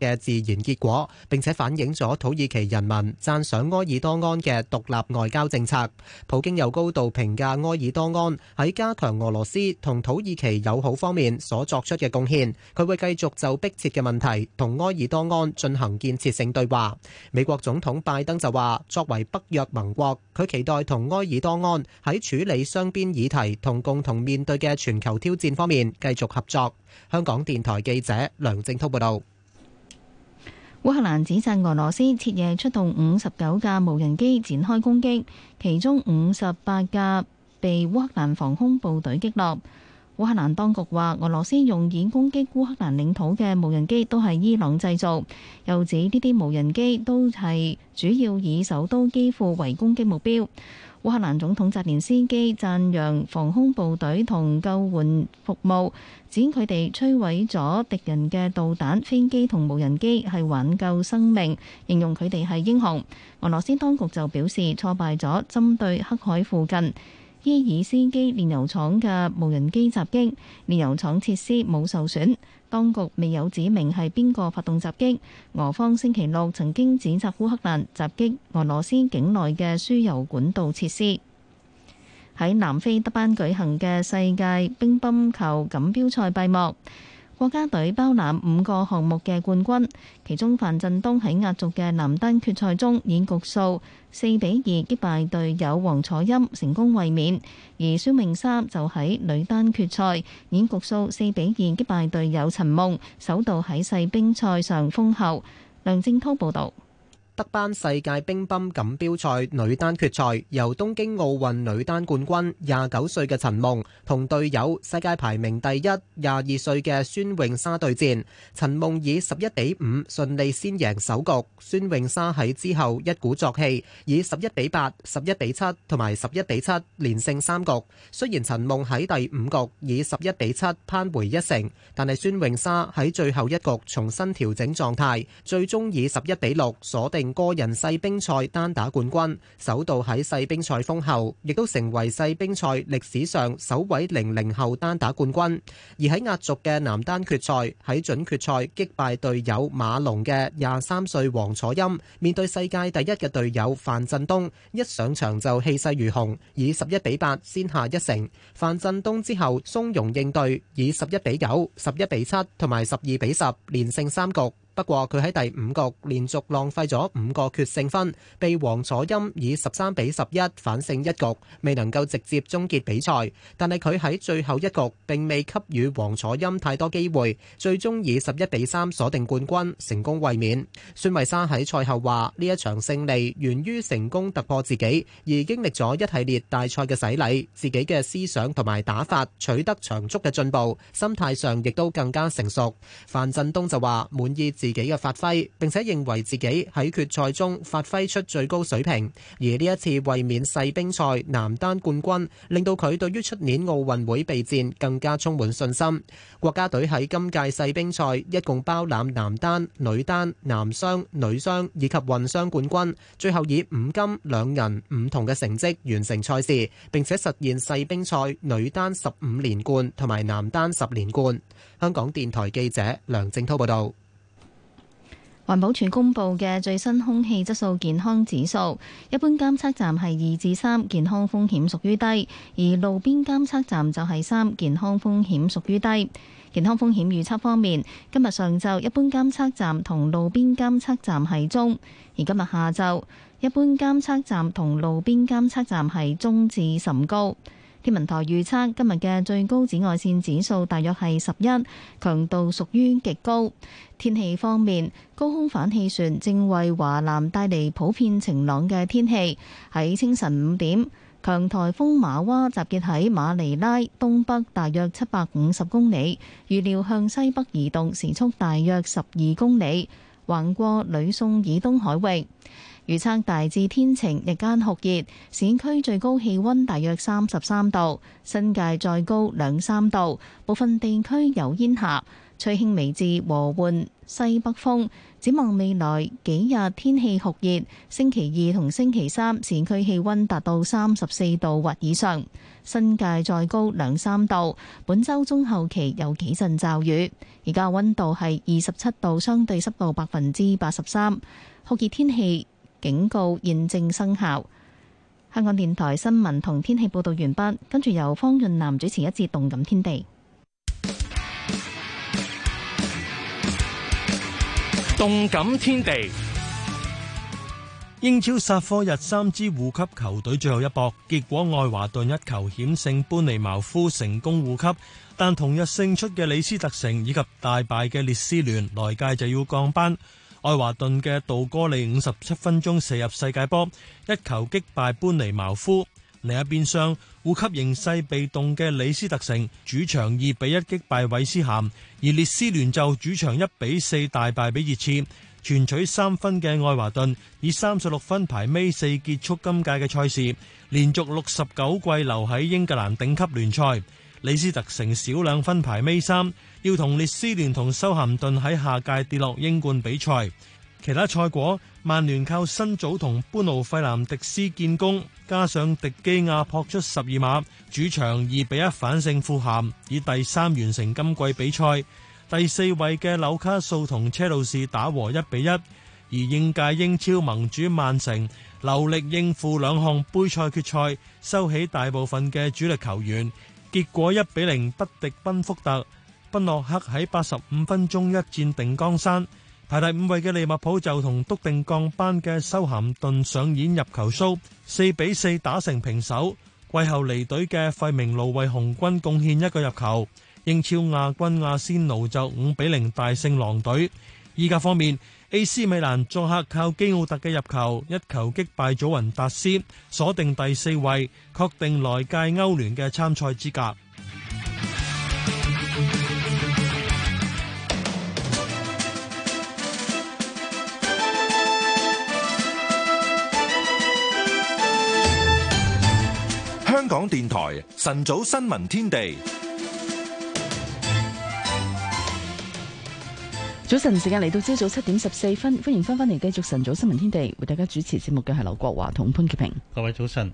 嘅自然結果，並且反映咗土耳其人民讚賞埃爾多安嘅獨立外交政策。普京又高度評價埃爾多安喺加強俄羅斯同土耳其友好方面所作出嘅貢獻。佢會繼續就迫切嘅問題同埃爾多安進行建設性對話。美國總統拜登就話：作為北約盟國，佢期待同埃爾多安喺處理雙邊議題同共同面對嘅全球挑戰方面繼續合作。香港電台記者梁正滔報道。烏克蘭指責俄羅斯徹夜出動五十九架無人機展開攻擊，其中五十八架被烏克蘭防空部隊擊落。烏克蘭當局話，俄羅斯用以攻擊烏克蘭領土嘅無人機都係伊朗製造，又指呢啲無人機都係主要以首都基輔為攻擊目標。烏克蘭總統澤連斯基讚揚防空部隊同救援服務，指佢哋摧毀咗敵人嘅導彈、飛機同無人機，係挽救生命，形容佢哋係英雄。俄羅斯當局就表示挫敗咗針對黑海附近。伊爾斯基煉油廠嘅無人機襲擊，煉油廠設施冇受損。當局未有指明係邊個發動襲擊。俄方星期六曾經指責烏克蘭，襲擊俄羅斯境內嘅輸油管道設施。喺南非德班舉行嘅世界乒乓球錦標賽閉幕。國家隊包攬五個項目嘅冠軍，其中樊振東喺壓軸嘅男單決賽中，演局數四比二擊敗隊友王楚欽，成功衛冕；而孫穎莎就喺女單決賽，演局數四比二擊敗隊友陳夢，首度喺世乒賽上封后。梁正濤報道。德班世界乒乓錦標賽女單決賽，由東京奧運女單冠軍廿九歲嘅陳夢同隊友世界排名第一廿二歲嘅孫穎莎對戰。陳夢以十一比五順利先贏首局，孫穎莎喺之後一鼓作氣以十一比八、十一比七同埋十一比七連勝三局。雖然陳夢喺第五局以十一比七扳回一城，但係孫穎莎喺最後一局重新調整狀態，最終以十一比六鎖定個人世乒賽單打冠軍，首度喺世乒賽封后，亦都成為世乒賽歷史上首位零零後單打冠軍。而喺壓軸嘅男單決賽，喺準決賽擊敗隊友馬龍嘅廿三歲王楚欽，面對世界第一嘅隊友范振東，一上場就氣勢如虹，以十一比八先下一城。范振東之後從容應對，以十一比九、十一比七同埋十二比十連勝三局。不過佢喺第五局連續浪費咗五個決勝分，被王楚欽以十三比十一反勝一局，未能夠直接終結比賽。但係佢喺最後一局並未給予王楚欽太多機會，最終以十一比三鎖定冠軍，成功衛冕。孫穎莎喺賽後話：呢一場勝利源於成功突破自己，而經歷咗一系列大賽嘅洗禮，自己嘅思想同埋打法取得長足嘅進步，心態上亦都更加成熟。范振東就話：滿意自己嘅發揮，並且認為自己喺決賽中發揮出最高水平。而呢一次衛冕世乒賽男單冠軍令到佢對於出年奧運會備戰更加充滿信心。國家隊喺今屆世乒賽一共包攬男單、女單、男雙、女雙以及混雙冠軍，最後以五金兩銀五銅嘅成績完成賽事，並且實現世乒賽女單十五連冠同埋男單十連冠。香港電台記者梁靜濤報道。環保署公布嘅最新空氣質素健康指數，一般監測站係二至三，健康風險屬於低；而路邊監測站就係三，健康風險屬於低。健康風險預測方面，今日上晝一般監測站同路邊監測站係中，而今日下晝一般監測站同路邊監測站係中至甚高。天文台預測今日嘅最高紫外線指數大約係十一，強度屬於極高。天氣方面，高空反氣旋正為華南帶嚟普遍晴朗嘅天氣。喺清晨五點，強颱風瑪娃集結喺馬尼拉東北大約七百五十公里，預料向西北移動，時速大約十二公里，橫過呂宋以東海域。預測大致天晴，日間酷熱，市區最高氣溫大約三十三度，新界再高兩三度，部分地區有煙霞。吹輕微至和緩西北風。展望未來幾日天氣酷熱，星期二同星期三，市區氣溫達到三十四度或以上，新界再高兩三度。本周中後期有幾陣驟雨。而家溫度係二十七度，相對濕度百分之八十三，酷熱天氣警告現正生效。香港電台新聞同天氣報導完畢，跟住由方潤南主持一節動感天地。動感天地。天地英超煞科日，三支護級球隊最後一搏，結果愛華頓一球險勝，般尼茅夫成功護級，但同日勝出嘅李斯特城以及大敗嘅列斯聯，來屆就要降班。愛華頓嘅道哥利五十七分鐘射入世界波，一球擊敗班尼茅夫。另一邊廂，護級形勢被動嘅李斯特城主場二比一擊敗韋斯咸，而列斯聯就主場一比四大敗俾熱刺，全取三分嘅愛華頓以三十六分排尾四結束今屆嘅賽事，連續六十九季留喺英格蘭頂級聯賽。李斯特城少兩分排尾三。要同列斯聯同修咸頓喺下屆跌落英冠比賽。其他賽果，曼聯靠新祖同般奴費南迪斯建功，加上迪基亞撲出十二碼，主場二比一反勝富咸，以第三完成今季比賽。第四位嘅紐卡素同車路士打和一比一，而應屆英超盟主曼城留力應付兩項杯賽決賽，收起大部分嘅主力球員，結果一比零不敵賓福特。不洛克喺八十五分鐘一戰定江山，排第五位嘅利物浦就同篤定降班嘅修咸頓上演入球 show，四比四打成平手。季後離隊嘅費明奴為紅軍貢獻一個入球。英超亞軍亞仙奴就五比零大勝狼隊。意甲方面，AC 米蘭作客靠基奧特嘅入球一球擊敗祖雲達斯，鎖定第四位，確定來屆歐聯嘅參賽資格。香港電台晨早新聞天地，早晨時間嚟到朝早七點十四分，歡迎翻返嚟繼續晨早新聞天地，為大家主持節目嘅係劉國華同潘潔平。各位早晨，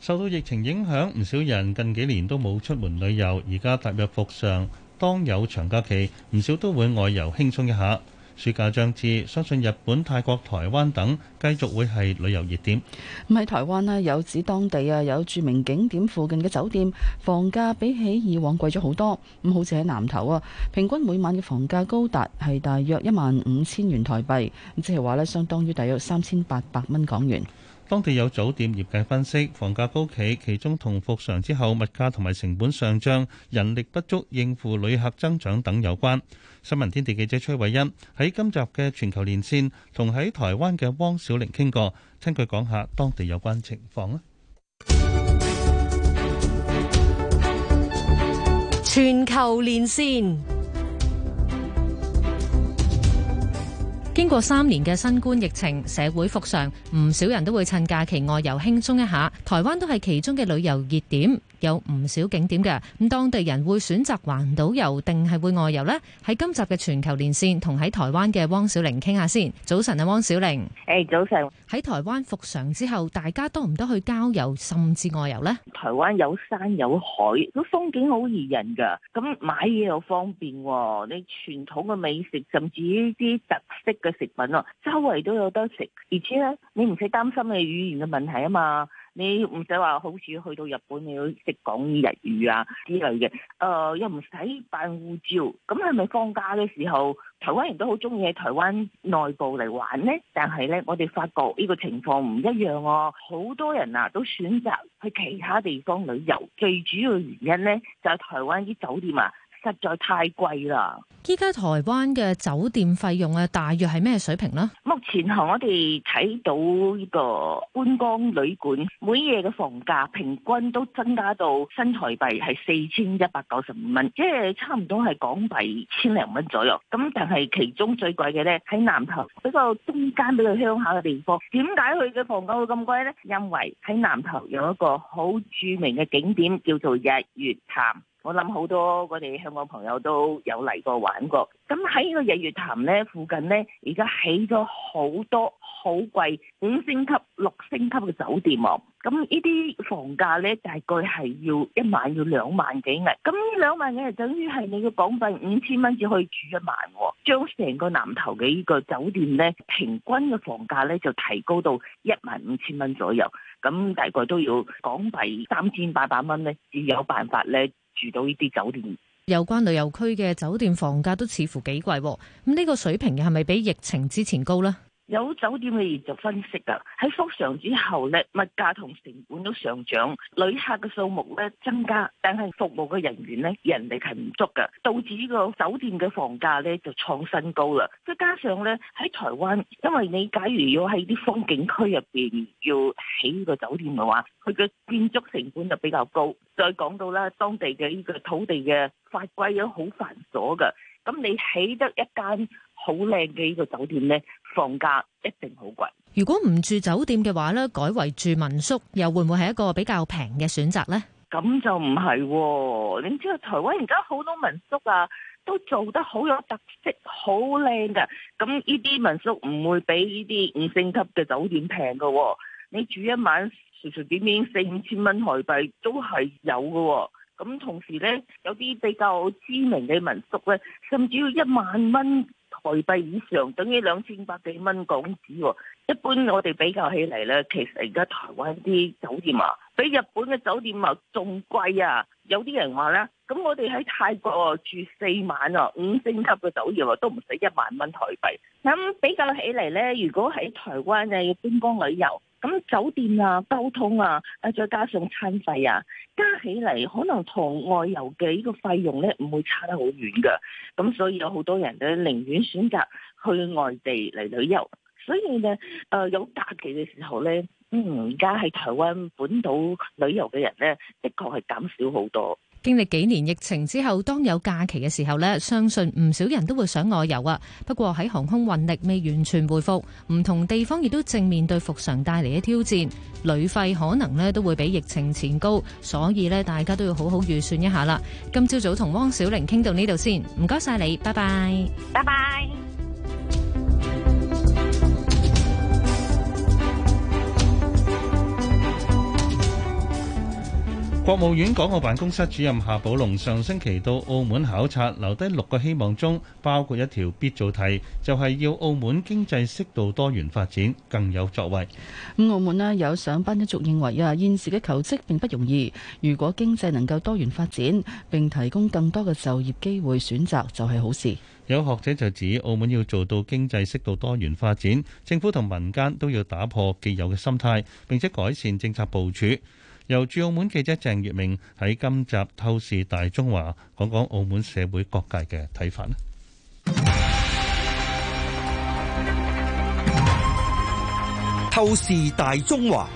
受到疫情影響，唔少人近幾年都冇出門旅遊，而家踏入復常，當有長假期，唔少都會外遊輕鬆一下。暑假將至，相信日本、泰國、台灣等繼續會係旅遊熱點。咁喺台灣呢，有指當地啊有著名景點附近嘅酒店房價比起以往貴咗好多。咁好似喺南投啊，平均每晚嘅房價高達係大約一萬五千元台幣，即係話呢相當於大約三千八百蚊港元。當地有酒店業界分析，房價高企，其中同復常之後物價同埋成本上漲，人力不足應付旅客增長等有關。新聞天地記者崔偉欣喺今集嘅全球連線同喺台灣嘅汪小玲傾過，聽佢講下當地有關情況啦。全球連線，經過三年嘅新冠疫情，社會復常，唔少人都會趁假期外遊輕鬆一下。台灣都係其中嘅旅遊熱點。有唔少景點嘅，咁當地人會選擇環島遊定係會外遊呢？喺今集嘅全球連線，同喺台灣嘅汪小玲傾下先。早晨啊，汪小玲。誒，早晨。喺台灣復常之後，大家多唔多去郊遊，甚至外遊呢？台灣有山有海，咁風景好宜人噶。咁買嘢又方便，你傳統嘅美食，甚至呢啲特色嘅食品啊，周圍都有得食。而且咧，你唔使擔心你語言嘅問題啊嘛。你唔使話好似去到日本，你要識講日語啊之類嘅，誒、呃、又唔使辦護照，咁係咪放假嘅時候台灣人都好中意喺台灣內部嚟玩呢？但係呢，我哋發覺呢個情況唔一樣啊、哦。好多人啊都選擇去其他地方旅遊，最主要嘅原因呢，就係、是、台灣啲酒店啊。實在太貴啦！依家台灣嘅酒店費用咧，大約係咩水平呢？目前我哋睇到呢個觀光旅館，每夜嘅房價平均都增加到新台幣係四千一百九十五蚊，即係差唔多係港幣千零蚊左右。咁但係其中最貴嘅呢，喺南投比較中間、比較鄉下嘅地方，點解佢嘅房價會咁貴呢？因為喺南投有一個好著名嘅景點叫做日月潭。我諗好多我哋香港朋友都有嚟過玩過，咁喺呢個日月潭呢附近呢，而家起咗好多好貴五星級、六星級嘅酒店啊！咁呢啲房價呢，大概係要一萬要兩萬幾嘅。咁呢兩萬幾係等於係你嘅港幣五千蚊，只可以住一晚。將成個南投嘅呢個酒店呢，平均嘅房價呢，就提高到一萬五千蚊左右。咁大概都要港幣三千八百蚊呢，至有辦法呢。住到呢啲酒店，有關旅遊區嘅酒店房價都似乎幾貴喎。咁呢個水平嘅係咪比疫情之前高呢？有酒店嘅研究分析噶，喺復常之後咧，物價同成本都上漲，旅客嘅數目咧增加，但係服務嘅人員咧人力係唔足嘅，導致呢個酒店嘅房價咧就創新高啦。即加上咧喺台灣，因為你假如要喺啲風景區入邊要起呢個酒店嘅話，佢嘅建築成本就比較高。再講到啦，當地嘅呢個土地嘅法規都好繁瑣嘅。咁你起得一間好靚嘅呢個酒店咧，房價一定好貴。如果唔住酒店嘅話咧，改為住民宿又會唔會係一個比較平嘅選擇咧？咁就唔係喎。你知道台灣而家好多民宿啊，都做得好有特色，好靚噶，咁呢啲民宿唔會比呢啲五星級嘅酒店平嘅喎。你住一晚隨隨便便四五千蚊台幣都係有嘅喎。咁同時呢，有啲比較知名嘅民宿呢甚至要一萬蚊台幣以上，等於兩千百幾蚊港紙喎。一般我哋比較起嚟呢，其實而家台灣啲酒店啊，比日本嘅酒店啊仲貴啊。有啲人話呢，咁我哋喺泰國住四晚啊，五星級嘅酒店啊，都唔使一萬蚊台幣。咁比較起嚟呢，如果喺台灣啊，要觀光旅遊。咁酒店啊、交通啊、誒再加上餐費啊，加起嚟可能同外遊嘅呢個費用咧，唔會差得好遠㗎。咁所以有好多人咧，寧願選擇去外地嚟旅遊。所以咧，誒、呃、有假期嘅時候咧，嗯，而家喺台灣本島旅遊嘅人咧，的確係減少好多。經歷幾年疫情之後，當有假期嘅時候咧，相信唔少人都會想外遊啊。不過喺航空運力未完全恢復，唔同地方亦都正面對復常帶嚟嘅挑戰，旅費可能咧都會比疫情前高，所以咧大家都要好好預算一下啦。今朝早同汪小玲傾到呢度先，唔該晒你，拜拜，拜拜。國務院港澳辦公室主任夏寶龍上星期到澳門考察，留低六個希望中，包括一條必做題，就係要澳門經濟適度多元發展更有作為。咁澳門呢有上班一族認為啊，現時嘅求職並不容易，如果經濟能夠多元發展，並提供更多嘅就業機會選擇，就係好事。有學者就指，澳門要做到經濟適度多元發展，政府同民間都要打破既有嘅心態，並且改善政策部署。由駐澳門記者鄭月明喺今集透視大中華，講講澳門社會各界嘅睇法咧。透視大中華，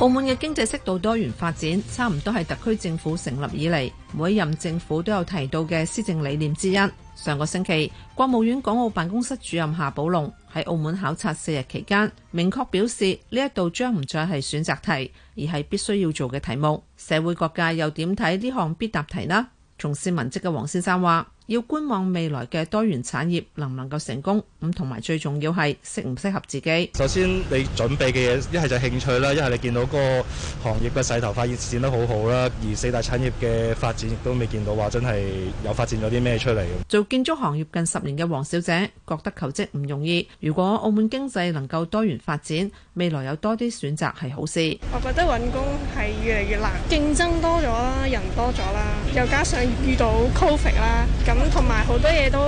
澳門嘅經濟適度多元發展，差唔多係特區政府成立以嚟每一任政府都有提到嘅施政理念之一。上個星期，國務院港澳辦公室主任夏寶龍喺澳門考察四日期間，明確表示呢一度將唔再係選擇題，而係必須要做嘅題目。社會各界又點睇呢項必答題呢？從事文職嘅黃先生話。要觀望未來嘅多元產業能唔能夠成功咁，同埋最重要係適唔適合自己。首先你準備嘅嘢，一係就興趣啦，一係你見到個行業嘅勢頭發展得好好啦，而四大產業嘅發展亦都未見到話真係有發展咗啲咩出嚟。做建築行業近十年嘅黃小姐覺得求職唔容易。如果澳門經濟能夠多元發展，未來有多啲選擇係好事。我覺得揾工係越嚟越難，競爭多咗啦，人多咗啦，又加上遇到 Covid 啦。咁同埋好多嘢都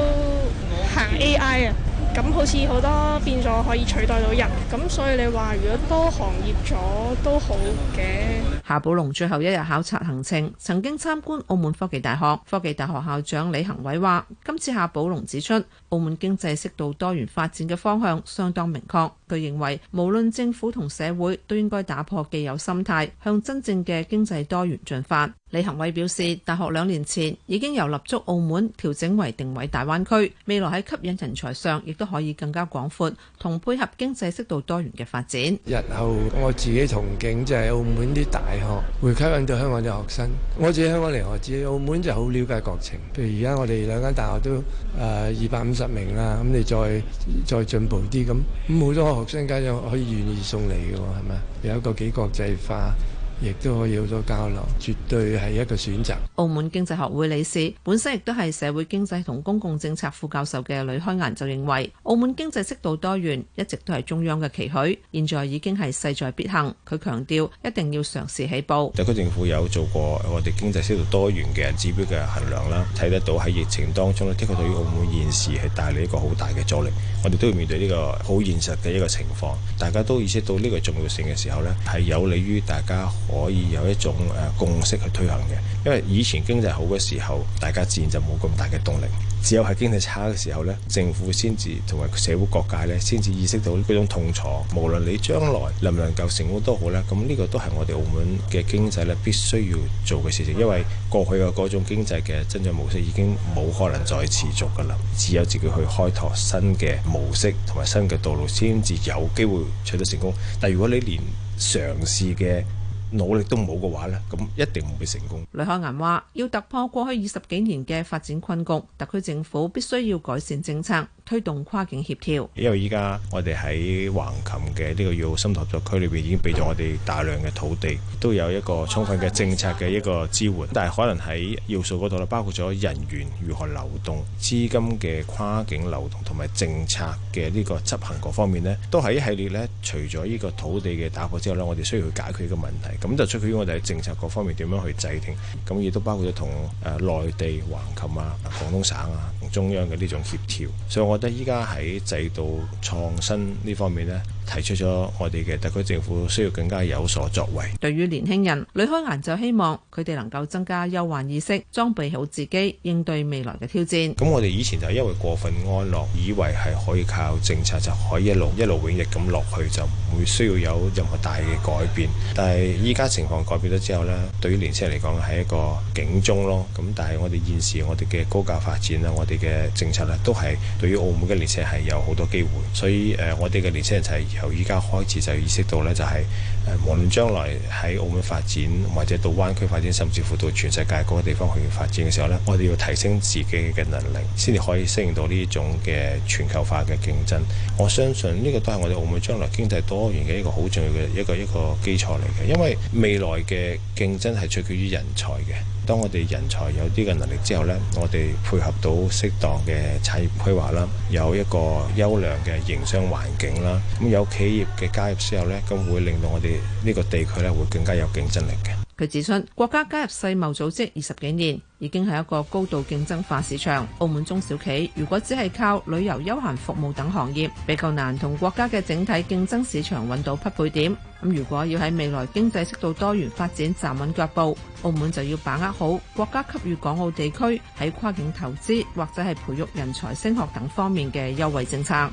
行 AI 啊，咁好似好多變咗可以取代到人，咁所以你話如果多行業咗都好嘅。夏寶龍最後一日考察行程，曾經參觀澳門科技大學。科技大學校長李行偉話：今次夏寶龍指出，澳門經濟適度多元發展嘅方向相當明確。佢認為無論政府同社會都應該打破既有心態，向真正嘅經濟多元進發。李行偉表示，大學兩年前已經由立足澳門調整為定位大灣區，未來喺吸引人才上，亦都可以更加廣闊同配合經濟適度多元嘅發展。日後我自己憧憬就係澳門啲大學會吸引到香港嘅學生。我自己香港嚟學，自己澳門就好了解國情。譬如而家我哋兩間大學都誒二百五十名啦，咁你再再進步啲咁，咁好多學。學生家長可以願意送你嘅喎，係咪？有一個幾國際化，亦都可以好多交流，絕對係一個選擇。澳門經濟學會理事，本身亦都係社會經濟同公共政策副教授嘅呂開顏就認為，澳門經濟適度多元一直都係中央嘅期許，現在已經係勢在必行。佢強調一定要嘗試起步。特區政府有做過我哋經濟適度多元嘅指標嘅衡量啦，睇得到喺疫情當中呢，的確對於澳門現時係帶嚟一個好大嘅阻力。我哋都要面對呢個好現實嘅一個情況，大家都意識到呢個重要性嘅時候呢，係有利於大家可以有一種誒共識去推行嘅。因為以前經濟好嘅時候，大家自然就冇咁大嘅動力；只有係經濟差嘅時候呢，政府先至同埋社會各界呢先至意識到呢種痛楚。無論你將來能唔能夠成功都好咧，咁呢個都係我哋澳門嘅經濟呢必須要做嘅事情，因為過去嘅嗰種經濟嘅增長模式已經冇可能再持續㗎啦，只有自己去開拓新嘅。模式同埋新嘅道路，先至有機會取得成功。但如果你連嘗試嘅努力都冇嘅話，呢咁一定唔會成功。呂海岩話，要突破過去二十幾年嘅發展困局，特區政府必須要改善政策。推動跨境協調，因為依家我哋喺橫琴嘅呢個要深合作區裏邊已經俾咗我哋大量嘅土地，都有一個充分嘅政策嘅一個支援。但係可能喺要素嗰度咧，包括咗人員如何流動、資金嘅跨境流動同埋政策嘅呢個執行各方面呢，都係一系列呢。除咗呢個土地嘅打破之後呢，我哋需要去解決一個問題，咁就出於我哋政策各方面點樣去制定，咁亦都包括咗同誒內地橫琴啊、廣東省啊、中央嘅呢種協調。所以我。我覺得依家喺制度創新呢方面咧。提出咗我哋嘅特區政府需要更加有所作為。對於年輕人，呂開顏就希望佢哋能夠增加憂患意識，裝備好自己，應對未來嘅挑戰。咁我哋以前就係因為過分安樂，以為係可以靠政策就可以一路一路永逸咁落去，就唔會需要有任何大嘅改變。但係依家情況改變咗之後咧，對於年輕人嚟講，係一個警鐘咯。咁但係我哋現時我哋嘅高教發展啊，我哋嘅政策咧，都係對於澳門嘅年輕人係有好多機會。所以誒，我哋嘅年輕人就係、是。由依家開始就意識到咧，就係、是。誒，無論將來喺澳門發展，或者到灣區發展，甚至乎到全世界各個地方去發展嘅時候呢，我哋要提升自己嘅能力，先至可以適應到呢種嘅全球化嘅競爭。我相信呢個都係我哋澳門將來經濟多元嘅一個好重要嘅一個一個基礎嚟嘅，因為未來嘅競爭係取決於人才嘅。當我哋人才有呢個能力之後呢，我哋配合到適當嘅產業規劃啦，有一個優良嘅營商環境啦，咁有企業嘅加入之後呢，咁會令到我哋呢個地區咧會更加有競爭力嘅。佢指出，國家加入世貿組織二十幾年，已經係一個高度競爭化市場。澳門中小企如果只係靠旅遊休閒服務等行業，比較難同國家嘅整體競爭市場揾到匹配點。咁如果要喺未來經濟適度多元發展站穩腳步，澳門就要把握好國家給予港澳地區喺跨境投資或者係培育人才升學等方面嘅優惠政策。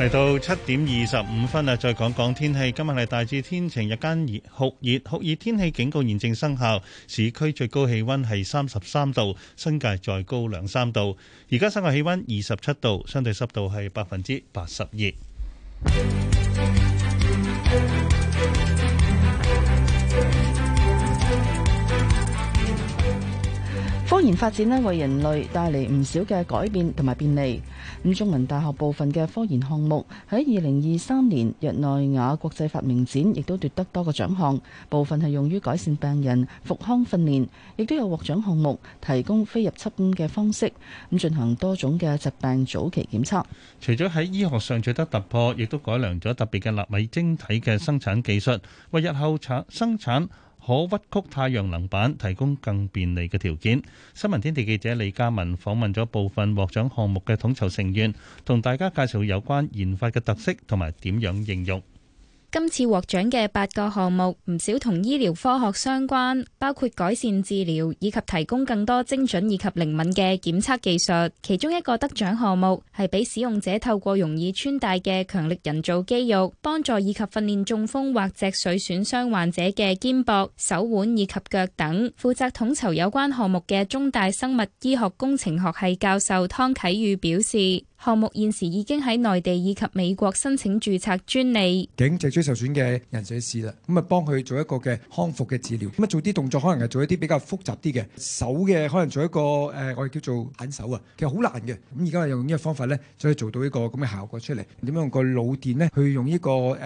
嚟到七點二十五分啦，再講講天氣。今日係大致天晴，日間酷熱，酷熱天氣警告現正生效。市區最高氣溫係三十三度，新界再高兩三度。而家室外氣溫二十七度，相對濕度係百分之八十二。科研發展咧，為人類帶嚟唔少嘅改變同埋便利。咁中文大學部分嘅科研項目喺二零二三年日內瓦國際發明展亦都奪得多個獎項，部分係用於改善病人復康訓練，亦都有獲獎項目提供非入侵嘅方式咁進行多種嘅疾病早期檢測。除咗喺醫學上取得突破，亦都改良咗特別嘅納米晶體嘅生產技術，為日後產生產。可屈曲太陽能板，提供更便利嘅條件。新聞天地記者李家文訪問咗部分獲獎項目嘅統籌成員，同大家介紹有關研發嘅特色同埋點樣應用。今次獲獎嘅八個項目唔少同醫療科學相關，包括改善治療以及提供更多精準以及靈敏嘅檢測技術。其中一個得獎項目係俾使用者透過容易穿戴嘅強力人造肌肉，幫助以及訓練中風或脊髓損傷患者嘅肩膊、手腕以及腳等。負責統籌有關項目嘅中大生物醫學工程學系教授湯啟宇表示。項目現時已經喺內地以及美國申請註冊專利。頸脊椎受損嘅人士啦，咁啊幫佢做一個嘅康復嘅治療，咁啊做啲動作，可能係做一啲比較複雜啲嘅手嘅，可能做一個誒我哋叫做引手啊，其實好難嘅。咁而家我用呢個方法咧，就可以做到一個咁嘅效果出嚟。點樣用個腦電咧，去用呢個誒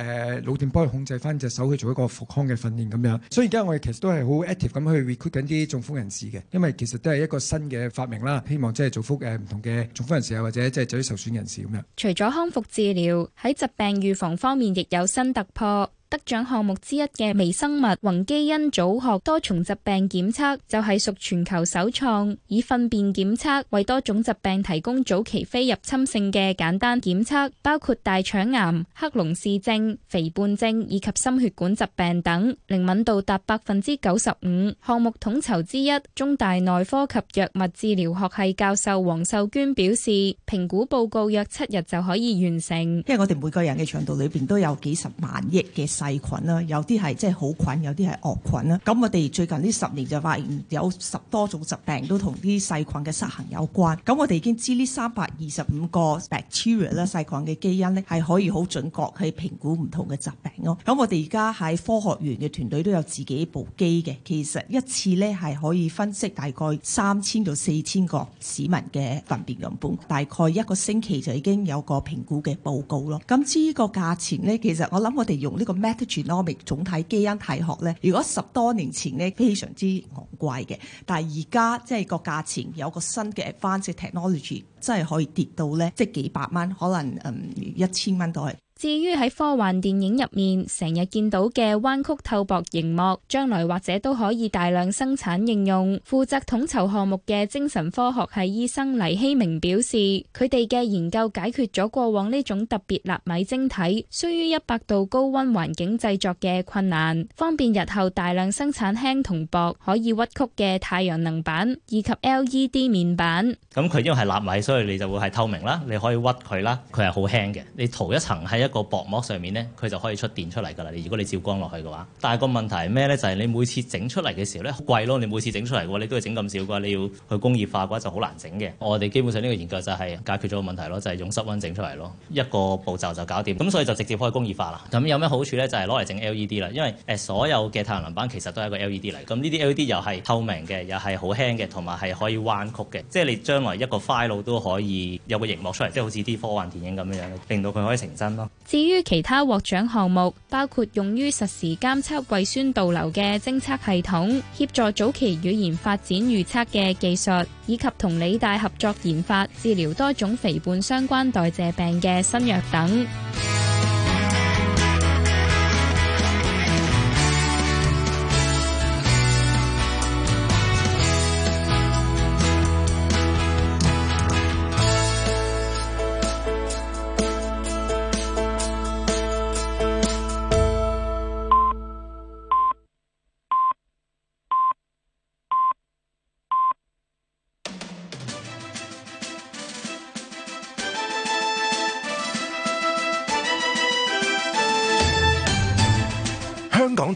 腦電波去控制翻隻手去做一個復康嘅訓練咁樣。所以而家我哋其實都係好 active 咁去 recruit 緊啲中風人士嘅，因為其實都係一個新嘅發明啦，希望即係造福誒唔同嘅中風人士啊，或者即係受損人士除咗康復治療，喺疾病預防方面亦有新突破。得獎項目之一嘅微生物宏基因組學多重疾病檢測就係、是、屬全球首創，以糞便檢測為多種疾病提供早期非入侵性嘅簡單檢測，包括大腸癌、克隆氏症、肥胖症以及心血管疾病等，靈敏度達百分之九十五。項目統籌之一中大內科及藥物治療學系教授黃秀娟表示，評估報告約七日就可以完成。因為我哋每個人嘅腸道裏邊都有幾十萬億嘅。細菌啦，有啲係即係好菌，有啲係惡菌啦。咁我哋最近呢十年就發現有十多種疾病都同啲細菌嘅失衡有關。咁我哋已經知呢三百二十五個 bacteria 啦，細菌嘅基因咧，係可以好準確去評估唔同嘅疾病咯。咁我哋而家喺科學園嘅團隊都有自己部機嘅，其實一次咧，係可以分析大概三千到四千個市民嘅糞便樣本，大概一個星期就已經有個評估嘅報告咯。咁至於呢個價錢咧，其實我諗我哋用呢、這個咩？genomic 總體基因體學咧，如果十多年前咧非常之昂貴嘅，但係而家即係個價錢有個新嘅 advanced technology 真係可以跌到咧，即係幾百蚊，可能嗯一千蚊都係。1, 至於喺科幻電影入面成日見到嘅彎曲透薄熒幕，將來或者都可以大量生產應用。負責統籌項，項目嘅精神科學系醫生黎希明表示，佢哋嘅研究解決咗過往呢種特別納米晶體需於一百度高溫環境製作嘅困難，方便日後大量生產輕同薄可以屈曲嘅太陽能板以及 LED 面板。咁佢因為係納米，所以你就會係透明啦，你可以屈佢啦，佢係好輕嘅，你塗一層喺一。一個薄膜上面咧，佢就可以出電出嚟噶啦，如果你照光落去嘅話，但係個問題咩呢？就係你每次整出嚟嘅時候呢，好貴咯。你每次整出嚟嘅話，你都要整咁少嘅話，你要去工業化嘅話就好難整嘅。我哋基本上呢個研究就係解決咗個問題咯，就係用室溫整出嚟咯，一個步驟就搞掂。咁所以就直接開工業化啦。咁有咩好處呢？就係攞嚟整 LED 啦。因為誒所有嘅太陽能板其實都係一個 LED 嚟。咁呢啲 LED 又係透明嘅，又係好輕嘅，同埋係可以彎曲嘅。即係你將來一個 file 都可以有個熒幕出嚟，即係好似啲科幻電影咁樣樣，令到佢可以成真咯。至於其他獲獎項目，包括用於實時監測胃酸倒流嘅偵測系統、協助早期語言發展預測嘅技術，以及同理大合作研發治療多種肥胖相關代謝病嘅新藥等。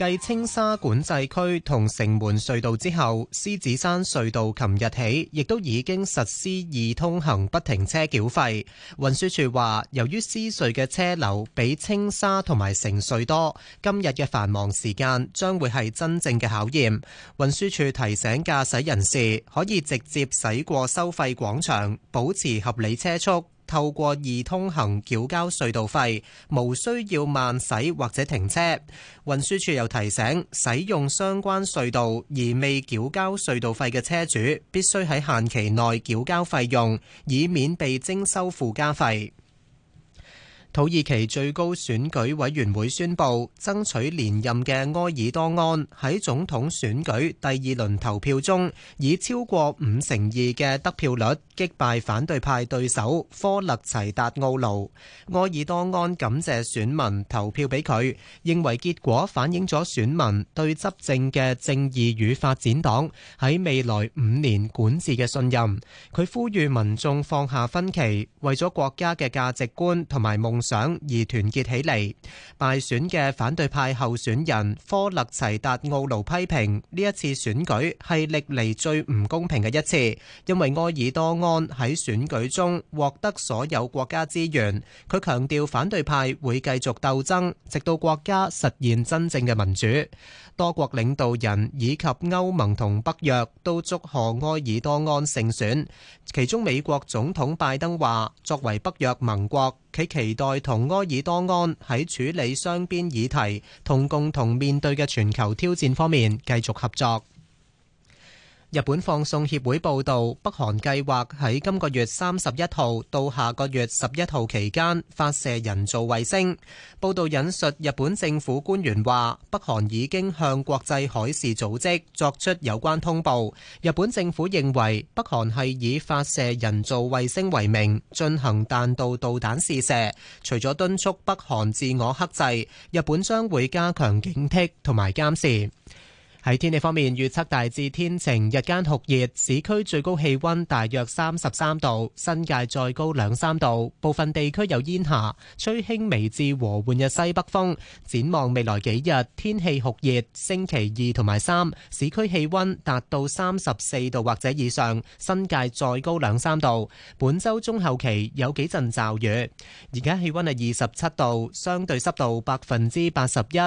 繼青沙管制區同城門隧道之後，獅子山隧道，琴日起亦都已經實施易通行不停車繳費。運輸署話，由於獅隧嘅車流比青沙同埋城隧多，今日嘅繁忙時間將會係真正嘅考驗。運輸署提醒駕駛人士可以直接駛過收費廣場，保持合理車速。透過易通行繳交隧道費，無需要慢駛或者停車。運輸署又提醒，使用相關隧道而未繳交隧道費嘅車主，必須喺限期內繳交費用，以免被徵收附加費。土耳其最高選舉委員會宣布，爭取連任嘅埃爾多安喺總統選舉第二輪投票中，以超過五成二嘅得票率擊敗反對派對手科勒齊達奧盧。埃爾多安感謝選民投票俾佢，認為結果反映咗選民對執政嘅正義與發展黨喺未來五年管治嘅信任。佢呼籲民眾放下分歧，為咗國家嘅價值觀同埋夢想而團結起嚟。敗選嘅反對派候選人科勒齊達奧盧批評呢一次選舉係歷嚟最唔公平嘅一次，因為埃爾多安喺選舉中獲得所有國家資源。佢強調反對派會繼續鬥爭，直到國家實現真正嘅民主。多國領導人以及歐盟同北約都祝賀埃爾多安勝選，其中美國總統拜登話：作為北約盟國。佢期待同埃爾多安喺處理雙邊議題同共同面對嘅全球挑戰方面繼續合作。日本放送協會報道，北韓計劃喺今個月三十一號到下個月十一號期間發射人造衛星。報道引述日本政府官員話，北韓已經向國際海事組織作出有關通報。日本政府認為，北韓係以發射人造衛星為名進行彈道導彈試射。除咗敦促北韓自我克制，日本將會加強警惕同埋監視。喺天氣方面，預測大致天晴，日間酷熱，市區最高氣溫大約三十三度，新界再高兩三度，部分地區有煙霞，吹輕微至和緩嘅西北風。展望未來幾日，天氣酷熱，星期二同埋三，市區氣溫達到三十四度或者以上，新界再高兩三度。本周中後期有幾陣驟雨。而家氣溫係二十七度，相對濕度百分之八十一，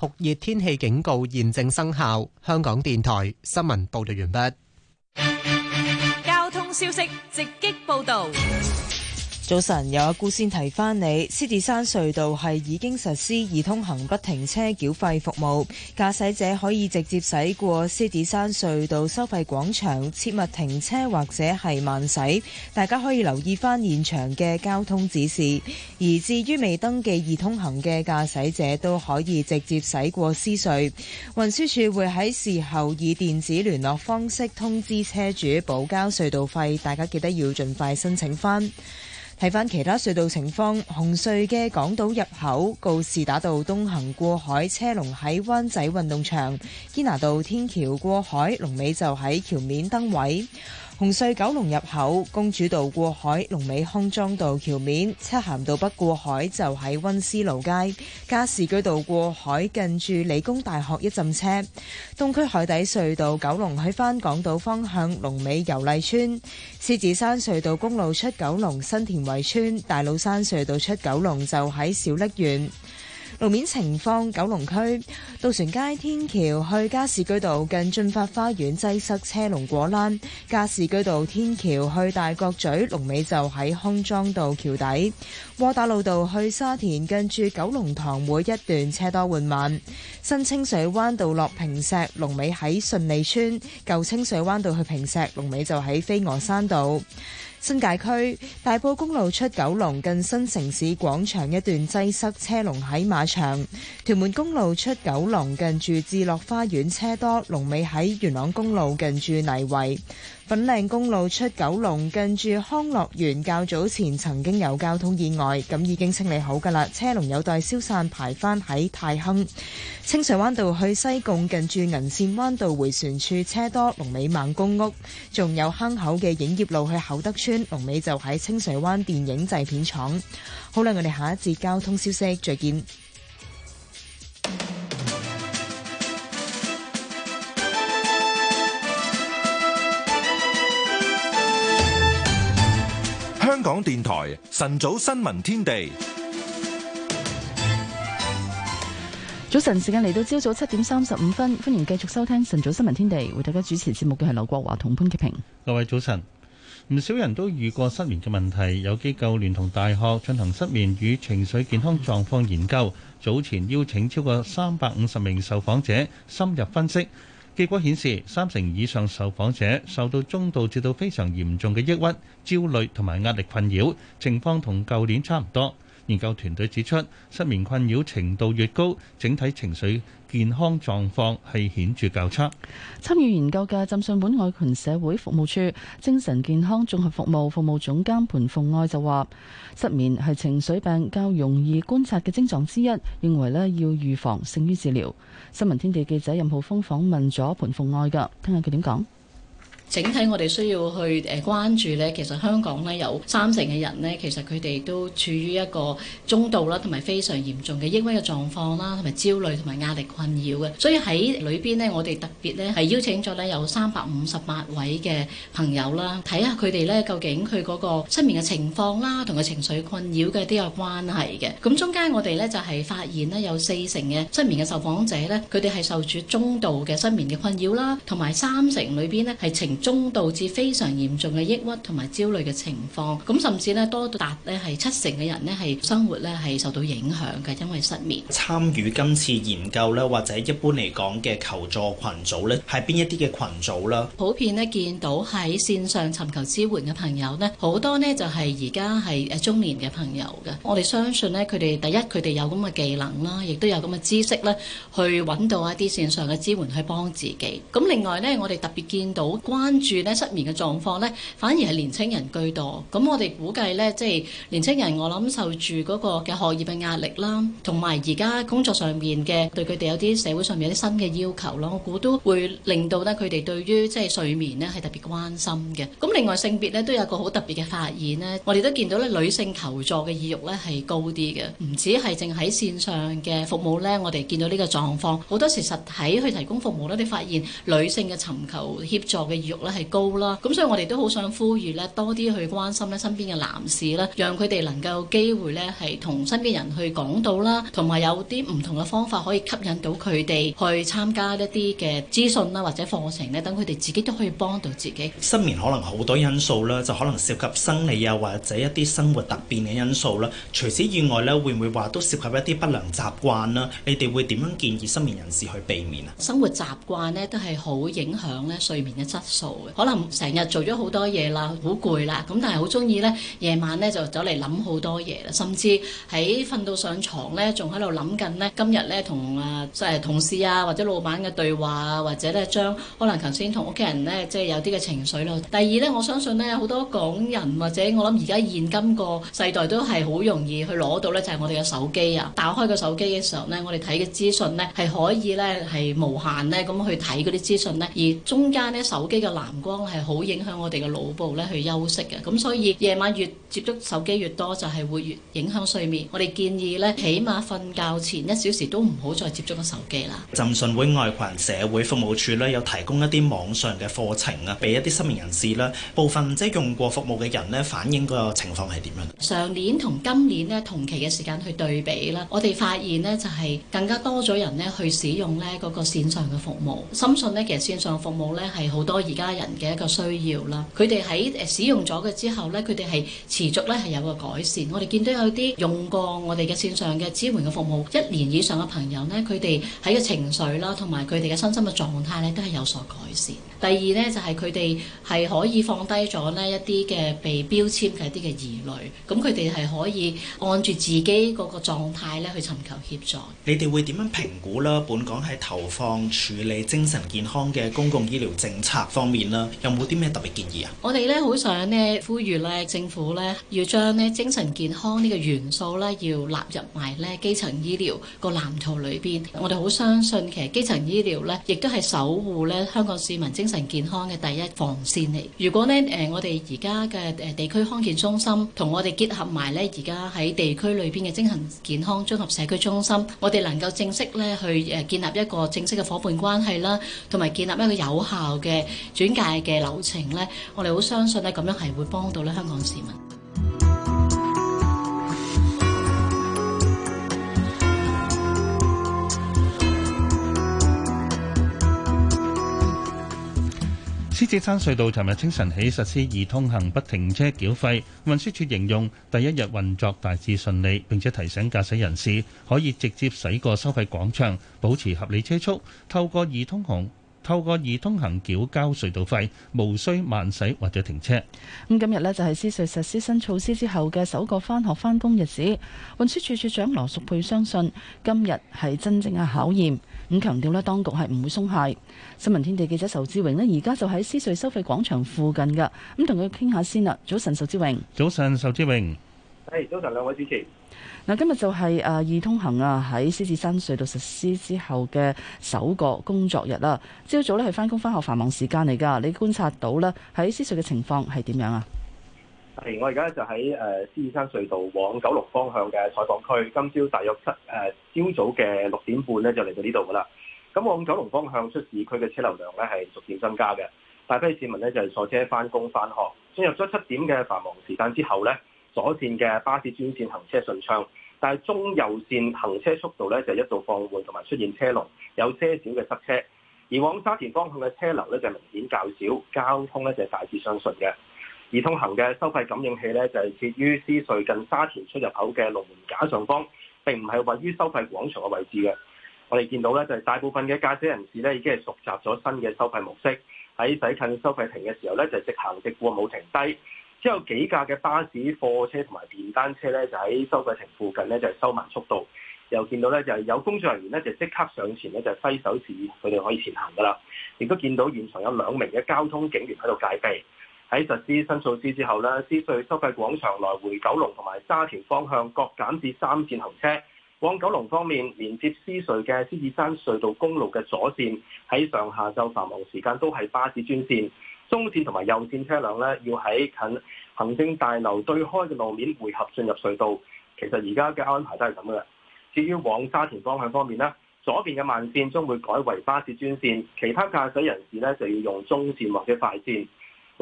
酷熱天氣警告現正生效。香港電台新聞報道完畢。交通消息直擊報道。早晨，有阿姑先提翻你，獅子山隧道係已經實施易通行不停車繳費服務，駕駛者可以直接駛過獅子山隧道收費廣場，切勿停車或者係慢駛。大家可以留意翻現場嘅交通指示。而至於未登記易通行嘅駕駛者，都可以直接駛過獅隧。運輸署會喺事後以電子聯絡方式通知車主補交隧道費，大家記得要盡快申請翻。睇返其他隧道情況，紅隧嘅港島入口告士打道東行過海車龍喺灣仔運動場，堅拿道天橋過海龍尾就喺橋面燈位。紅隧九龍入口，公主道過海，龍尾康莊道橋面；漆咸道北過海，就喺溫思勞街；加士居道過海，近住理工大學一浸車；東區海底隧道九龍去返港島方向，龍尾油麗邨；獅子山隧道公路出九龍新田圍村，大老山隧道出九龍就喺小瀝源。路面情況：九龍區渡船街天橋去加士居道近進發花園擠塞車龍果欄；加士居道天橋去大角咀龍尾就喺康莊道橋底；窩打老道去沙田近住九龍塘會一段車多緩慢；新清水灣道落平石龍尾喺順利村；舊清水灣道去平石龍尾就喺飛鵝山道。新界區大埔公路出九龍近新城市廣場一段擠塞車龍喺馬場，屯門公路出九龍近住智樂花園車多，龍尾喺元朗公路近住泥圍。粉嶺公路出九龍近住康樂園，較早前曾經有交通意外，咁已經清理好噶啦，車龍有待消散，排翻喺太坑清水灣道去西貢近住銀線灣道回旋處車多，龍尾孟公屋，仲有坑口嘅影業路去厚德村，龍尾就喺清水灣電影製片廠。好啦，我哋下一節交通消息再見。香港電台晨早新聞天地，早晨時間嚟到朝早七點三十五分，歡迎繼續收聽晨早新聞天地，為大家主持節目嘅係劉國華同潘潔平。各位早晨，唔少人都遇過失眠嘅問題，有機構聯同大學進行失眠與情緒健康狀況研究，早前邀請超過三百五十名受訪者深入分析。結果顯示，三成以上受訪者受到中度至到非常嚴重嘅抑鬱、焦慮同埋壓力困擾，情況同舊年差唔多。研究團隊指出，失眠困擾程度越高，整體情緒健康狀況係顯著較差。參與研究嘅浸信會愛群社會服務處精神健康綜合服務服務總監盤鳳愛就話：失眠係情緒病較容易觀察嘅症狀之一，認為咧要預防勝於治療。新聞天地記者任浩峰訪問咗盤鳳愛嘅，聽下佢點講。整體我哋需要去誒關注咧，其實香港咧有三成嘅人咧，其實佢哋都處於一個中度啦，同埋非常嚴重嘅抑鬱嘅狀況啦，同埋焦慮同埋壓力困擾嘅。所以喺裏邊呢，我哋特別咧係邀請咗咧有三百五十八位嘅朋友啦，睇下佢哋咧究竟佢嗰個失眠嘅情況啦，同佢情緒困擾嘅都有關係嘅。咁中間我哋咧就係發現咧有四成嘅失眠嘅受訪者咧，佢哋係受住中度嘅失眠嘅困擾啦，同埋三成裏邊咧係情中導致非常嚴重嘅抑鬱同埋焦慮嘅情況，咁甚至呢多達呢係七成嘅人呢係生活呢係受到影響嘅，因為失眠。參與今次研究呢，或者一般嚟講嘅求助群組呢，係邊一啲嘅群組啦？普遍呢見到喺線上尋求支援嘅朋友呢，好多呢就係而家係誒中年嘅朋友嘅。我哋相信呢，佢哋第一佢哋有咁嘅技能啦，亦都有咁嘅知識呢，去揾到一啲線上嘅支援去幫自己。咁另外呢，我哋特別見到關關注咧失眠嘅狀況咧，反而係年輕人居多。咁我哋估計咧，即係年輕人，我諗受住嗰個嘅學業嘅壓力啦，同埋而家工作上面嘅對佢哋有啲社會上面有啲新嘅要求咯，我估都會令到咧佢哋對於即係睡眠咧係特別關心嘅。咁另外性別咧都有個好特別嘅發現咧，我哋都見到咧女性求助嘅意欲咧係高啲嘅，唔止係淨喺線上嘅服務咧，我哋見到呢個狀況好多時實體去提供服務咧，你發現女性嘅尋求協助嘅意咧係高啦，咁所以我哋都好想呼籲咧，多啲去關心咧身邊嘅男士咧，讓佢哋能夠機會咧係同身邊人去講到啦，同埋有啲唔同嘅方法可以吸引到佢哋去參加一啲嘅資訊啦或者課程咧，等佢哋自己都可以幫到自己。失眠可能好多因素啦，就可能涉及生理啊或者一啲生活突變嘅因素啦。除此以外咧，會唔會話都涉及一啲不良習慣啦？你哋會點樣建議失眠人士去避免啊？生活習慣咧都係好影響咧睡眠嘅質素。可能成日做咗好多嘢啦，好攰啦，咁但係好中意呢，夜晚呢就走嚟諗好多嘢啦，甚至喺瞓到上床呢，仲喺度諗緊呢。今日呢，同啊即係同事啊或者老闆嘅對話啊，或者呢將可能頭先同屋企人呢，即係有啲嘅情緒咯。第二呢，我相信呢，好多港人或者我諗而家現今個世代都係好容易去攞到呢，就係我哋嘅手機啊。打開個手機嘅時候呢，我哋睇嘅資訊呢，係可以呢，係無限呢，咁去睇嗰啲資訊呢。而中間呢，手機嘅。藍光係好影響我哋嘅腦部咧去休息嘅，咁所以夜晚越接觸手機越多，就係會越影響睡眠。我哋建議咧，起碼瞓覺前一小時都唔好再接觸個手機啦。浸信會愛羣社會服務處咧有提供一啲網上嘅課程啊，俾一啲失眠人士咧，部分即係用過服務嘅人咧反映個情況係點樣？上年同今年咧同期嘅時間去對比啦，我哋發現咧就係更加多咗人咧去使用呢個線上嘅服務。深信咧其實線上嘅服務咧係好多而家，家人嘅一個需要啦，佢哋喺使用咗佢之後咧，佢哋係持續咧係有個改善。我哋見到有啲用過我哋嘅線上嘅支援嘅服務，一年以上嘅朋友咧，佢哋喺個情緒啦，同埋佢哋嘅身心嘅狀態咧，都係有所改善。第二咧，就係佢哋係可以放低咗呢一啲嘅被標籤嘅一啲嘅疑慮，咁佢哋係可以按住自己嗰個狀態咧去尋求協助。你哋會點樣評估啦？本港喺投放處理精神健康嘅公共醫療政策方面啦，有冇啲咩特別建議啊？我哋咧好想咧呼籲咧政府咧要將咧精神健康呢個元素咧要納入埋咧基層醫療個藍圖裏邊，我哋好相信其實基層醫療咧亦都係守護咧香港市民精神精神健康嘅第一防線嚟。如果呢，誒、呃，我哋而家嘅誒地區康健中心同我哋結合埋呢，而家喺地區裏邊嘅精神健康綜合社區中心，我哋能夠正式呢去誒建立一個正式嘅夥伴關係啦，同埋建立一個有效嘅轉介嘅流程呢，我哋好相信呢，咁樣係會幫到咧香港市民。獅子山隧道尋日清晨起實施易通行不停車繳費，運輸署形容第一日運作大致順利，並且提醒駕駛人士可以直接駛過收費廣場，保持合理車速，透過易通行透過易通行繳交隧道費，無需慢駛或者停車。咁今日呢就係施設實施新措施之後嘅首個返學返工日子，運輸署署長羅淑佩相信今日係真正嘅考驗。咁強調呢，當局係唔會鬆懈。新聞天地記者仇志榮呢，而家就喺獅隧收費廣場附近㗎，咁同佢傾下先啦。早晨，仇志榮，早榮。早晨，仇志榮。係，早晨兩位主持。嗱，今日就係啊，二通行啊，喺獅子山隧道實施之後嘅首個工作日啦。朝早呢，係翻工翻學繁忙時間嚟㗎，你觀察到呢喺獅隧嘅情況係點樣啊？係、嗯，我而家就喺誒獅子山隧道往九龍方向嘅採訪區。今朝大約七誒朝、呃、早嘅六點半咧，就嚟到呢度㗎啦。咁往九龍方向出市區嘅車流量咧係逐漸增加嘅，大批市民咧就係、是、坐車翻工翻學。進入咗七點嘅繁忙時間之後咧，左線嘅巴士專線行車順暢，但係中右線行車速度咧就一度放緩同埋出現車龍，有些少嘅塞車。而往沙田方向嘅車流咧就明顯較少，交通咧就大致相信嘅。而通行嘅收費感應器咧，就係設於獅隧近沙田出入口嘅龍門架上方，並唔係位於收費廣場嘅位置嘅。我哋見到咧，就係大部分嘅駕駛人士咧，已經係熟習咗新嘅收費模式。喺駛近收費亭嘅時候咧，就直行直過冇停低。之後幾架嘅巴士、貨車同埋電單車咧，就喺收費亭附近咧，就收慢速度。又見到咧，就係有工作人員咧，就即刻上前咧，就揮手示意佢哋可以前行㗎喇。亦都見到現場有兩名嘅交通警員喺度戒備。喺實施新措施之後呢，獅隧收費廣場來回九龍同埋沙田方向各減至三線行車。往九龍方面，連接獅隧嘅獅子山隧道公路嘅左線喺上下晝繁忙時間都係巴士專線，中線同埋右線車輛呢，要喺近行政大樓對開嘅路面匯合進入隧道。其實而家嘅安排都係咁嘅。至於往沙田方向方面呢，左邊嘅慢線將會改為巴士專線，其他駕駛人士呢，就要用中線或者快線。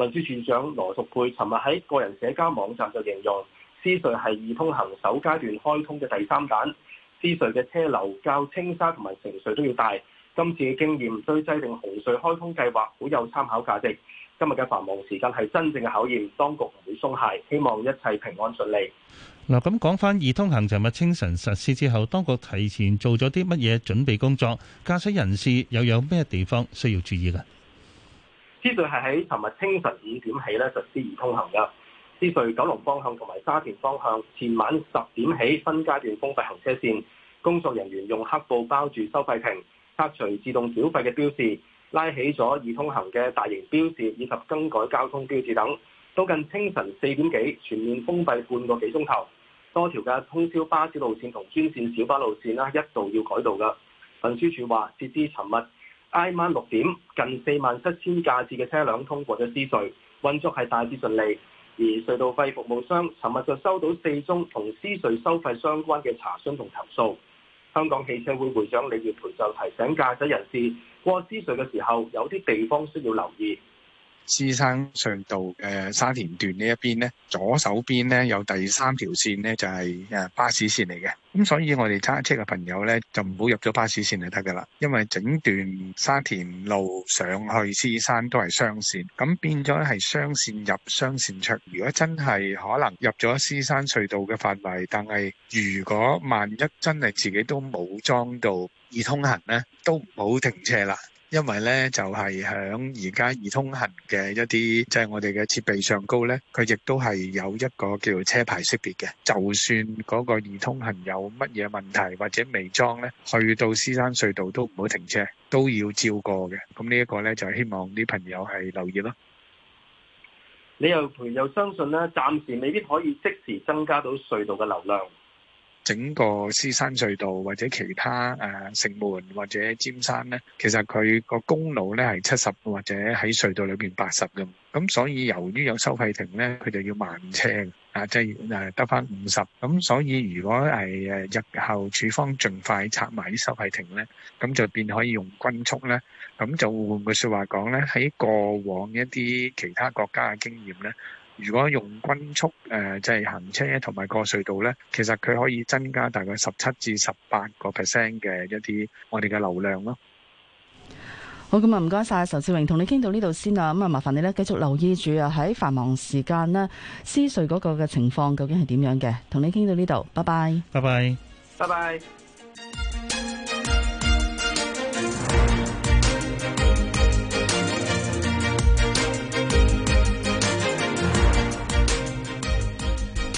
運輸署長羅淑佩尋日喺個人社交網站就形容，獅隧係二通行首階段開通嘅第三彈，獅隧嘅車流較青沙同埋城隧都要大，今次嘅經驗對制定紅隧開通計劃好有參考價值。今日嘅繁忙時間係真正嘅考驗，當局唔會鬆懈，希望一切平安順利。嗱，咁講翻二通行尋日清晨實施之後，當局提前做咗啲乜嘢準備工作？駕駛人士又有咩地方需要注意嘅？獅隧係喺尋日清晨五點起咧實施易通行㗎。獅隧九龍方向同埋沙田方向，前晚十點起分階段封閉行車線，工作人員用黑布包住收費亭，拆除自動繳費嘅標示，拉起咗易通行嘅大型標示，以及更改交通標誌等。到近清晨四點幾，全面封閉半個幾鐘頭，多條嘅通宵巴士路線同專線小巴路線啦，一度要改道㗎。運輸署話截至尋日挨晚六點，近四萬七千架次嘅車輛通過咗獅隧，運作係大致順利。而隧道費服務商尋日就收到四宗同獅隧收費相關嘅查詢同投訴。香港汽車會會長李月培就提醒駕駛人士過獅隧嘅時候，有啲地方需要留意。獅山隧道嘅沙田段呢一邊咧，左手邊咧有第三條綫咧就係、是、誒巴士綫嚟嘅，咁、嗯、所以我哋揸車嘅朋友咧就唔好入咗巴士綫就得噶啦，因為整段沙田路上去獅山都係雙綫，咁變咗係雙綫入雙綫出。如果真係可能入咗獅山隧道嘅範圍，但係如果萬一真係自己都冇裝到易通行咧，都唔好停車啦。因為咧，就係響而家二通行嘅一啲，即係我哋嘅設備上高咧，佢亦都係有一個叫車牌識別嘅。就算嗰個二通行有乜嘢問題或者未裝咧，去到獅山隧道都唔好停車，都要照過嘅。咁呢一個咧，就係希望啲朋友係留意咯。你又朋友相信咧，暫時未必可以即時增加到隧道嘅流量。整個獅山隧道或者其他誒城門或者尖山咧，其實佢個公路咧係七十，或者喺隧道裏邊八十嘅。咁所以由於有收費亭咧，佢就要慢車，啊，即係誒得返五十。咁所以如果係誒日後署方盡快拆埋啲收費亭咧，咁就變可以用均速咧。咁就換句説話講咧，喺過往一啲其他國家嘅經驗咧。如果用均速誒，即係行車同埋過隧道呢，其實佢可以增加大概十七至十八個 percent 嘅一啲我哋嘅流量咯。好咁啊，唔該晒，仇志榮，同你傾到呢度先啊。咁啊，麻煩你呢，繼續留意住啊，喺繁忙時間咧司隧嗰個嘅情況究竟係點樣嘅？同你傾到呢度，拜拜。拜拜。拜拜。拜拜。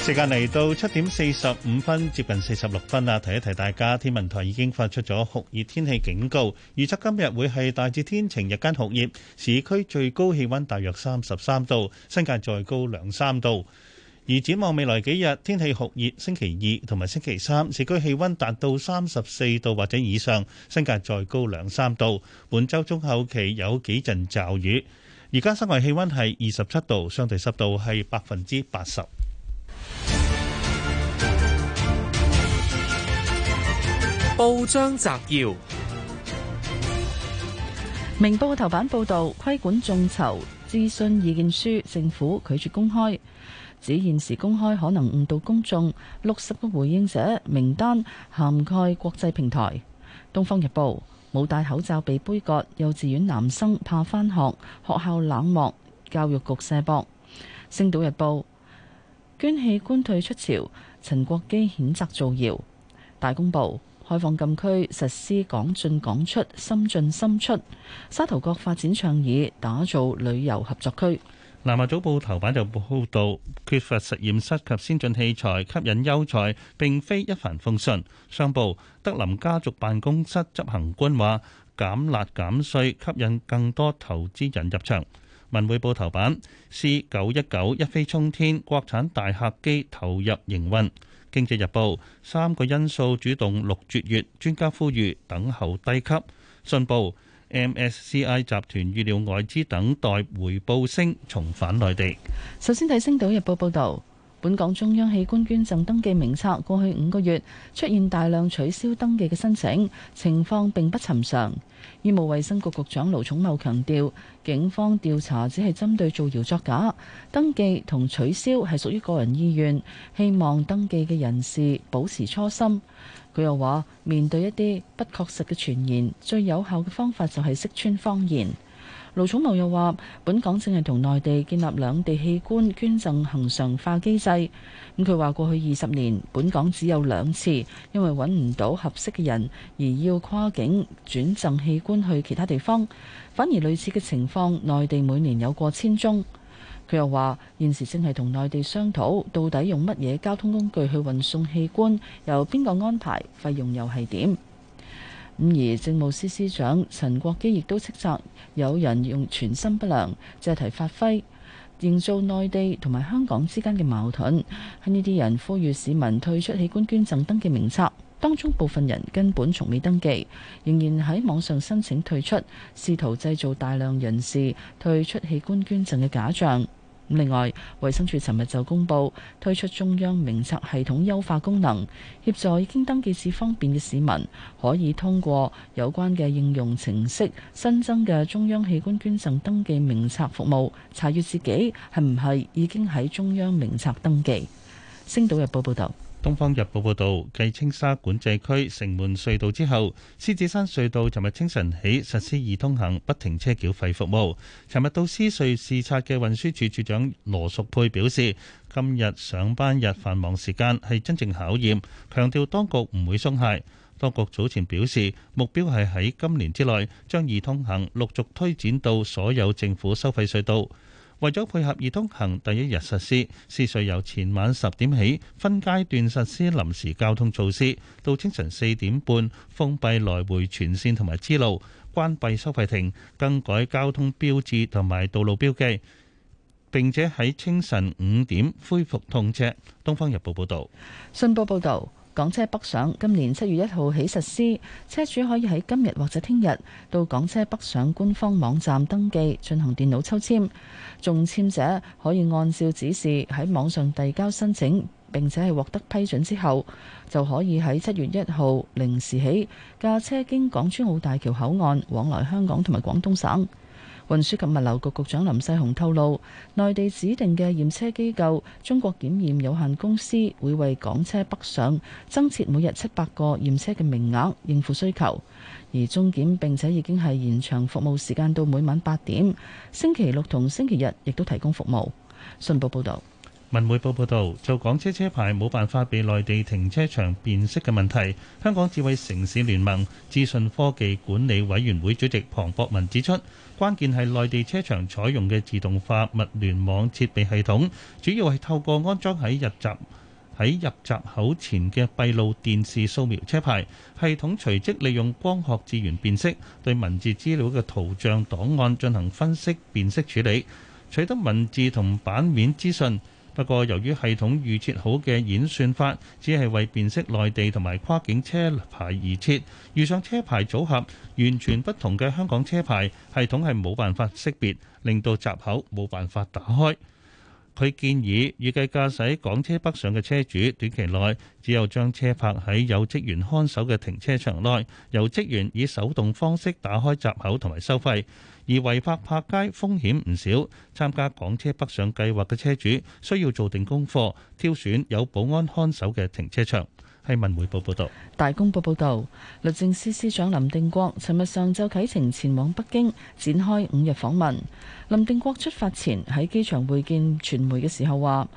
時間嚟到七點四十五分，接近四十六分啦。提一提大家，天文台已經發出咗酷熱天氣警告，預測今日會係大致天晴，日間酷熱，市區最高氣温大約三十三度，新界再高兩三度。而展望未來幾日天氣酷熱，星期二同埋星期三市區氣温達到三十四度或者以上，新界再高兩三度。本週中後期有幾陣驟雨。而家室外氣温係二十七度，相對濕度係百分之八十。報章摘要，明報頭版報道規管眾籌諮詢意見書，政府拒絕公開，指現時公開可能誤導公眾。六十個回應者名單涵蓋國際平台。東方日報冇戴口罩被杯葛，幼稚園男生怕返學，學校冷漠。教育局卸膊。星島日報捐器官退出潮，陳國基譴責造謠。大公報。開放禁區，實施港進港出、深進深出；沙頭角發展倡議，打造旅遊合作區。南華早報頭版就報導，缺乏實驗室及先進器材吸引優才，並非一帆風順。商報德林家族辦公室執行官話：減辣減稅，吸引更多投資人入場。文匯報頭版：C 九一九一飛沖天，國產大客機投入營運。經濟日報三個因素主動六絕月，專家呼籲等候低級信報。MSCI 集團預料外資等待回報升，重返內地。首先睇《星島日報》報道，本港中央器官捐贈登記名冊過去五個月出現大量取消登記嘅申請，情況並不尋常。醫務衛生局局長盧寵茂強調。警方調查只係針對造謠作假，登記同取消係屬於個人意願，希望登記嘅人士保持初心。佢又話，面對一啲不確實嘅傳言，最有效嘅方法就係識穿謊言。盧寵茂又話：本港正係同內地建立兩地器官捐贈恒常化機制。咁佢話過去二十年，本港只有兩次因為揾唔到合適嘅人而要跨境轉贈器官去其他地方，反而類似嘅情況，內地每年有過千宗。佢又話現時正係同內地商討到底用乜嘢交通工具去運送器官，由邊個安排，費用又係點。而政務司司長陳國基亦都斥責有人用存心不良借題發揮，營造內地同埋香港之間嘅矛盾。喺呢啲人呼籲市民退出器官捐贈登記名冊，當中部分人根本從未登記，仍然喺網上申請退出，試圖製造大量人士退出器官捐贈嘅假象。另外，衞生署尋日就公布推出中央名冊系統優化功能，協助已經登記至方便嘅市民，可以通過有關嘅應用程式新增嘅中央器官捐贈登記名冊服務，查閱自己係唔係已經喺中央名冊登記。星島日報報道。《東方日報》報導，繼青沙管制區城門隧道之後，獅子山隧道尋日清晨起實施易通行不停車繳費服務。尋日到獅隧視察嘅運輸署署長羅淑佩表示，今日上班日繁忙時間係真正考驗，強調當局唔會鬆懈。當局早前表示，目標係喺今年之內將易通行陸續推展到所有政府收費隧道。為咗配合二通行第一日實施，市隧由前晚十點起分階段實施臨時交通措施，到清晨四點半封閉來回全綫同埋支路，關閉收費亭，更改交通標誌同埋道路標記，並且喺清晨五點恢復通車。東方日報報道，信報報道。港車北上今年七月一號起實施，車主可以喺今日或者聽日到港車北上官方網站登記進行電腦抽籤，中籤者可以按照指示喺網上遞交申請，並且係獲得批准之後，就可以喺七月一號零時起駕車經港珠澳大橋口岸往來香港同埋廣東省。運輸及物流局局長林世雄透露，內地指定嘅驗車機構中國檢驗有限公司會為港車北上增設每日七百個驗車嘅名額，應付需求。而中檢並且已經係延長服務時間到每晚八點，星期六同星期日亦都提供服務。信報報道，文匯報報道，就港車車牌冇辦法被內地停車場辨識嘅問題，香港智慧城市聯盟資訊科技管理委員會主席龐博文指出。關鍵係內地車場採用嘅自動化物聯網設備系統，主要係透過安裝喺入閘喺入閘口前嘅閉路電視掃描車牌，系統隨即利用光學字元辨識對文字資料嘅圖像檔案進行分析辨識處理，取得文字同版面資訊。不過，由於系統預設好嘅演算法，只係為辨識內地同埋跨境車牌而設，遇上車牌組合完全不同嘅香港車牌，系統係冇辦法識別，令到閘口冇辦法打開。佢建議預計駕駛港車北上嘅車主，短期內只有將車泊喺有職員看守嘅停車場內，由職員以手動方式打開閘口同埋收費。而違泊泊街風險唔少，參加港車北上計劃嘅車主需要做定功課，挑選有保安看守嘅停車場。係文匯報報道。大公報報道，律政司司長林定國尋日上晝啟程前往北京展開五日訪問。林定國出發前喺機場會見傳媒嘅時候話，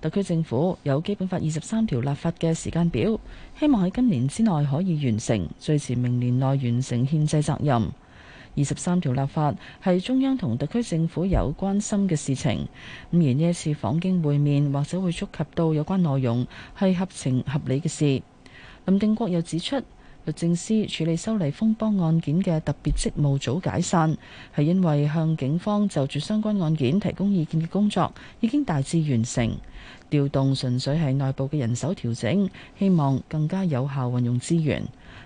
特區政府有基本法二十三條立法嘅時間表，希望喺今年之內可以完成，最遲明年內完成憲制責任。二十三條立法係中央同特區政府有關心嘅事情，咁而呢一次訪京會面或者會觸及到有關內容，係合情合理嘅事。林定國又指出，律政司處理修例風波案件嘅特別職務組解散係因為向警方就住相關案件提供意見嘅工作已經大致完成，調動純粹係內部嘅人手調整，希望更加有效運用資源。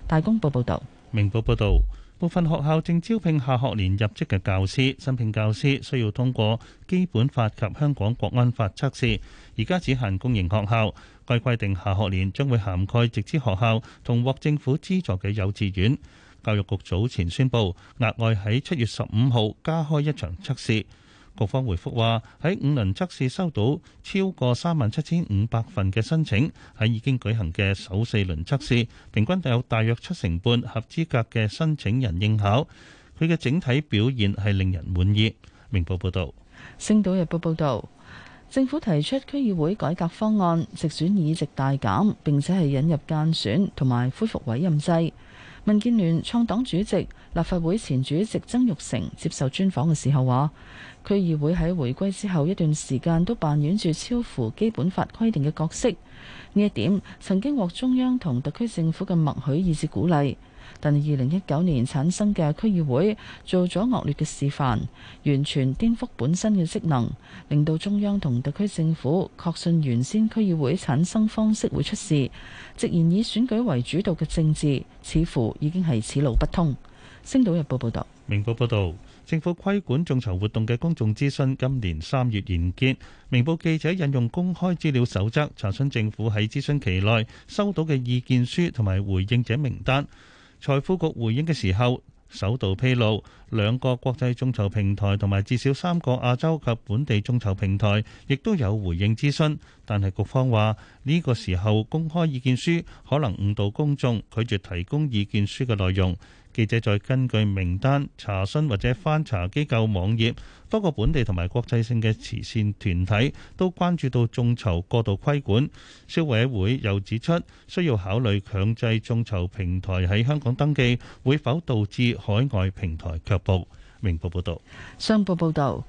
大公報報道。明報報導。部分學校正招聘下學年入職嘅教師，新聘教師需要通過基本法及香港國安法測試。而家只限公營學校，該規定下學年將會涵蓋直資學校同獲政府資助嘅幼稚園。教育局早前宣布，額外喺七月十五號加開一場測試。局方回覆話：喺五輪測試收到超過三萬七千五百份嘅申請，喺已經舉行嘅首四輪測試，平均都有大約七成半合資格嘅申請人應考，佢嘅整體表現係令人滿意。明報報導，《星島日報》報導，政府提出區議會改革方案，直選議席大減，並且係引入間選同埋恢復委任制。民建聯創黨主席、立法會前主席曾鈺成接受專訪嘅時候話，區議會喺回歸之後一段時間都扮演住超乎基本法規定嘅角色，呢一點曾經獲中央同特區政府嘅默許以至鼓勵。但係，二零一九年產生嘅區議會做咗惡劣嘅示範，完全顛覆本身嘅職能，令到中央同特區政府確信原先區議會產生方式會出事。直言以選舉為主導嘅政治似乎已經係此路不通。《星島日報》報道，《明報》報道，政府規管眾籌活動嘅公眾諮詢今年三月完結。明報記者引用公開資料守則查詢政府喺諮詢期內收到嘅意見書同埋回應者名單。財庫局回應嘅時候，首度披露兩個國際眾籌平台同埋至少三個亞洲及本地眾籌平台，亦都有回應諮詢。但係局方話，呢個時候公開意見書可能誤導公眾，拒絕提供意見書嘅內容。記者再根據名單查詢或者翻查機構網頁，多個本地同埋國際性嘅慈善團體都關注到眾籌過度規管。消委會又指出，需要考慮強制眾籌平台喺香港登記，會否導致海外平台卻步。明報報道。商報報導。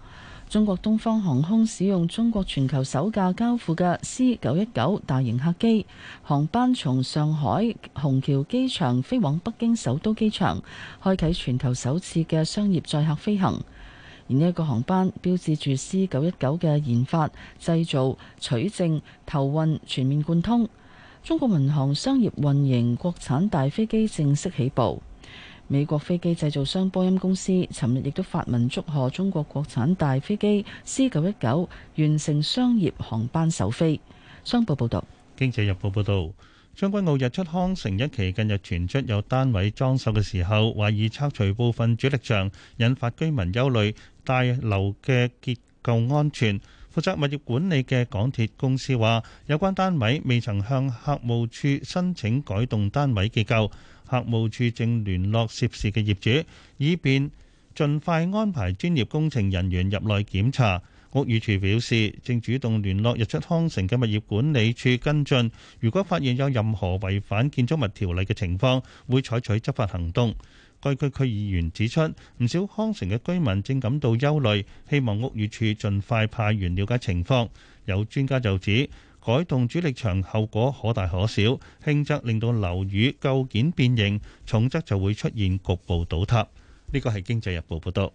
中國東方航空使用中國全球首架交付嘅 C 九一九大型客機，航班從上海虹橋機場飛往北京首都機場，開啟全球首次嘅商業載客飛行。而呢一個航班，標誌住 C 九一九嘅研發、製造、取證、投運全面貫通。中國民航商業運營國產大飛機正式起步。美國飛機製造商波音公司尋日亦都發文祝賀中國國產大飛機 C919 完成商業航班首飛。商報報導，《經濟日報》報導，將軍澳日出康城一期近日傳出有單位裝修嘅時候，懷疑拆除部分主力牆，引發居民憂慮大樓嘅結構安全。負責物業管理嘅港鐵公司話，有關單位未曾向客務處申請改動單位結構。客務處正聯絡涉事嘅業主，以便盡快安排專業工程人員入內檢查。屋宇署表示，正主動聯絡日出康城嘅物業管理處跟進。如果發現有任何違反建築物條例嘅情況，會採取執法行動。該區區議員指出，唔少康城嘅居民正感到憂慮，希望屋宇署盡快派員了解情況。有專家就指，改動主力牆後果可大可小，輕則令到樓宇構件變形，重則就會出現局部倒塌。呢個係《經濟日報》報道。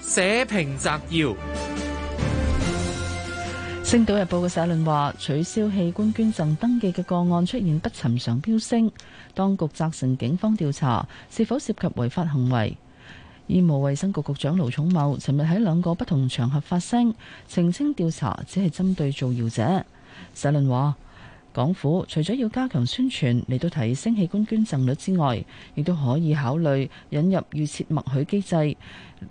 社評摘要，《星島日報》嘅社論話：取消器官捐贈登記嘅個案出現不尋常飆升，當局責成警方調查是否涉及違法行為。醫務衛生局局長盧寵茂尋日喺兩個不同場合發聲，澄清調查只係針對造謠者。社論話，港府除咗要加強宣傳嚟到提升器官捐贈率之外，亦都可以考慮引入預設默許機制，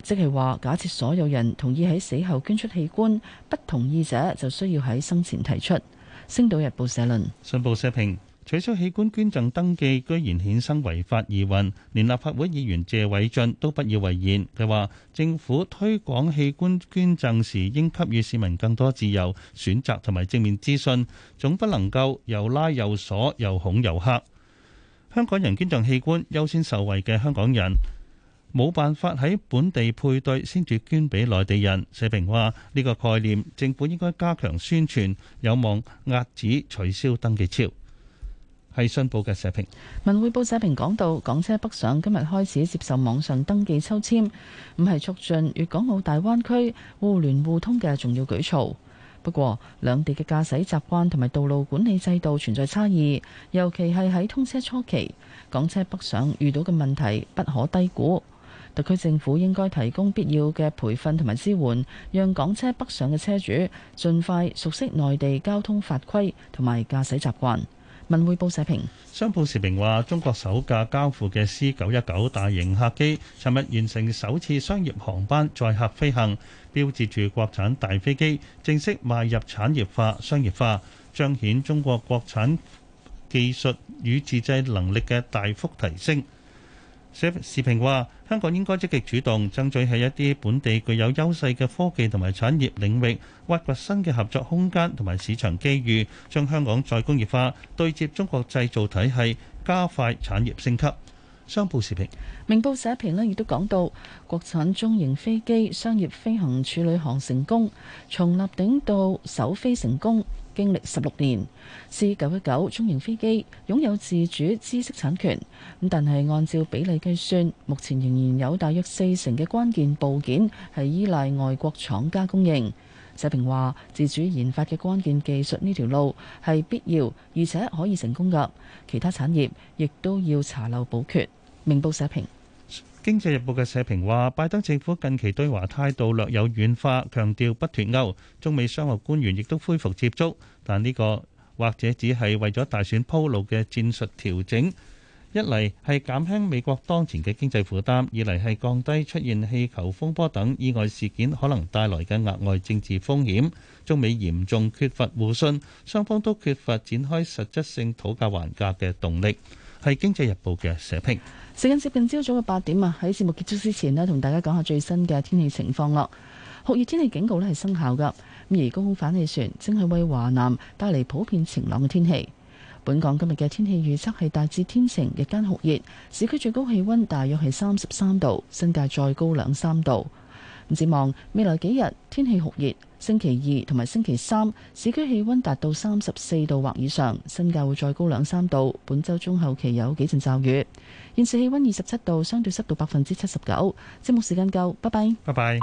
即係話假設所有人同意喺死後捐出器官，不同意者就需要喺生前提出。星島日報社論，信報社評。取消器官捐贈登記居然衍生違法疑雲，連立法會議員謝偉俊都不以為然。佢話政府推廣器官捐贈時，應給予市民更多自由選擇同埋正面資訊，總不能夠又拉又鎖又恐又嚇。香港人捐贈器官優先受惠嘅香港人，冇辦法喺本地配對先至捐俾內地人。社評話呢個概念，政府應該加強宣傳，有望遏止取消登記潮。係信報嘅社評。文匯報社評講到港車北上今日開始接受網上登記抽籤，唔係促進粵港澳大灣區互聯互通嘅重要舉措。不過，兩地嘅駕駛習慣同埋道路管理制度存在差異，尤其係喺通車初期，港車北上遇到嘅問題不可低估。特區政府應該提供必要嘅培訓同埋支援，讓港車北上嘅車主盡快熟悉內地交通法規同埋駕駛習慣。文匯報社評：商報時評話，中國首架交付嘅 C 九一九大型客機，尋日完成首次商業航班載客飛行，標誌住國產大飛機正式邁入產業化、商業化，彰顯中國國產技術與自製能力嘅大幅提升。社評話：香港應該積極主動，爭取喺一啲本地具有優勢嘅科技同埋產業領域挖掘新嘅合作空間同埋市場機遇，將香港再工業化，對接中國製造體系，加快產業升級。商報社評、明報社評呢亦都講到國產中型飛機商業飛行處女航成功，從立頂到首飛成功。經歷十六年，C 九一九中型飛機擁有自主知識產權，咁但係按照比例計算，目前仍然有大約四成嘅關鍵部件係依賴外國廠家供應。社評話，自主研發嘅關鍵技術呢條路係必要而且可以成功㗎，其他產業亦都要查漏補缺。明報社評。《經濟日報》嘅社評話，拜登政府近期對華態度略有軟化，強調不脱歐，中美商務官員亦都恢復接觸，但呢個或者只係為咗大選鋪路嘅戰術調整。一嚟係減輕美國當前嘅經濟負擔，二嚟係降低出現氣球風波等意外事件可能帶來嘅額外政治風險。中美嚴重缺乏互信，雙方都缺乏展開實質性討價還價嘅動力。係《經濟日報》嘅社評。時間接近朝早嘅八點啊，喺節目結束之前呢，同大家講下最新嘅天氣情況咯。酷熱天氣警告呢係生效嘅，咁而高空反氣旋正係為華南帶嚟普遍晴朗嘅天氣。本港今日嘅天氣預測係大致天晴，日間酷熱，市區最高氣温大約係三十三度，新界再高兩三度。唔，展望未來幾日天氣酷熱，星期二同埋星期三市區氣溫達到三十四度或以上，新界會再高兩三度。本周中後期有幾陣驟雨。現時氣溫二十七度，相對濕度百分之七十九。節目時間夠，拜拜，拜拜。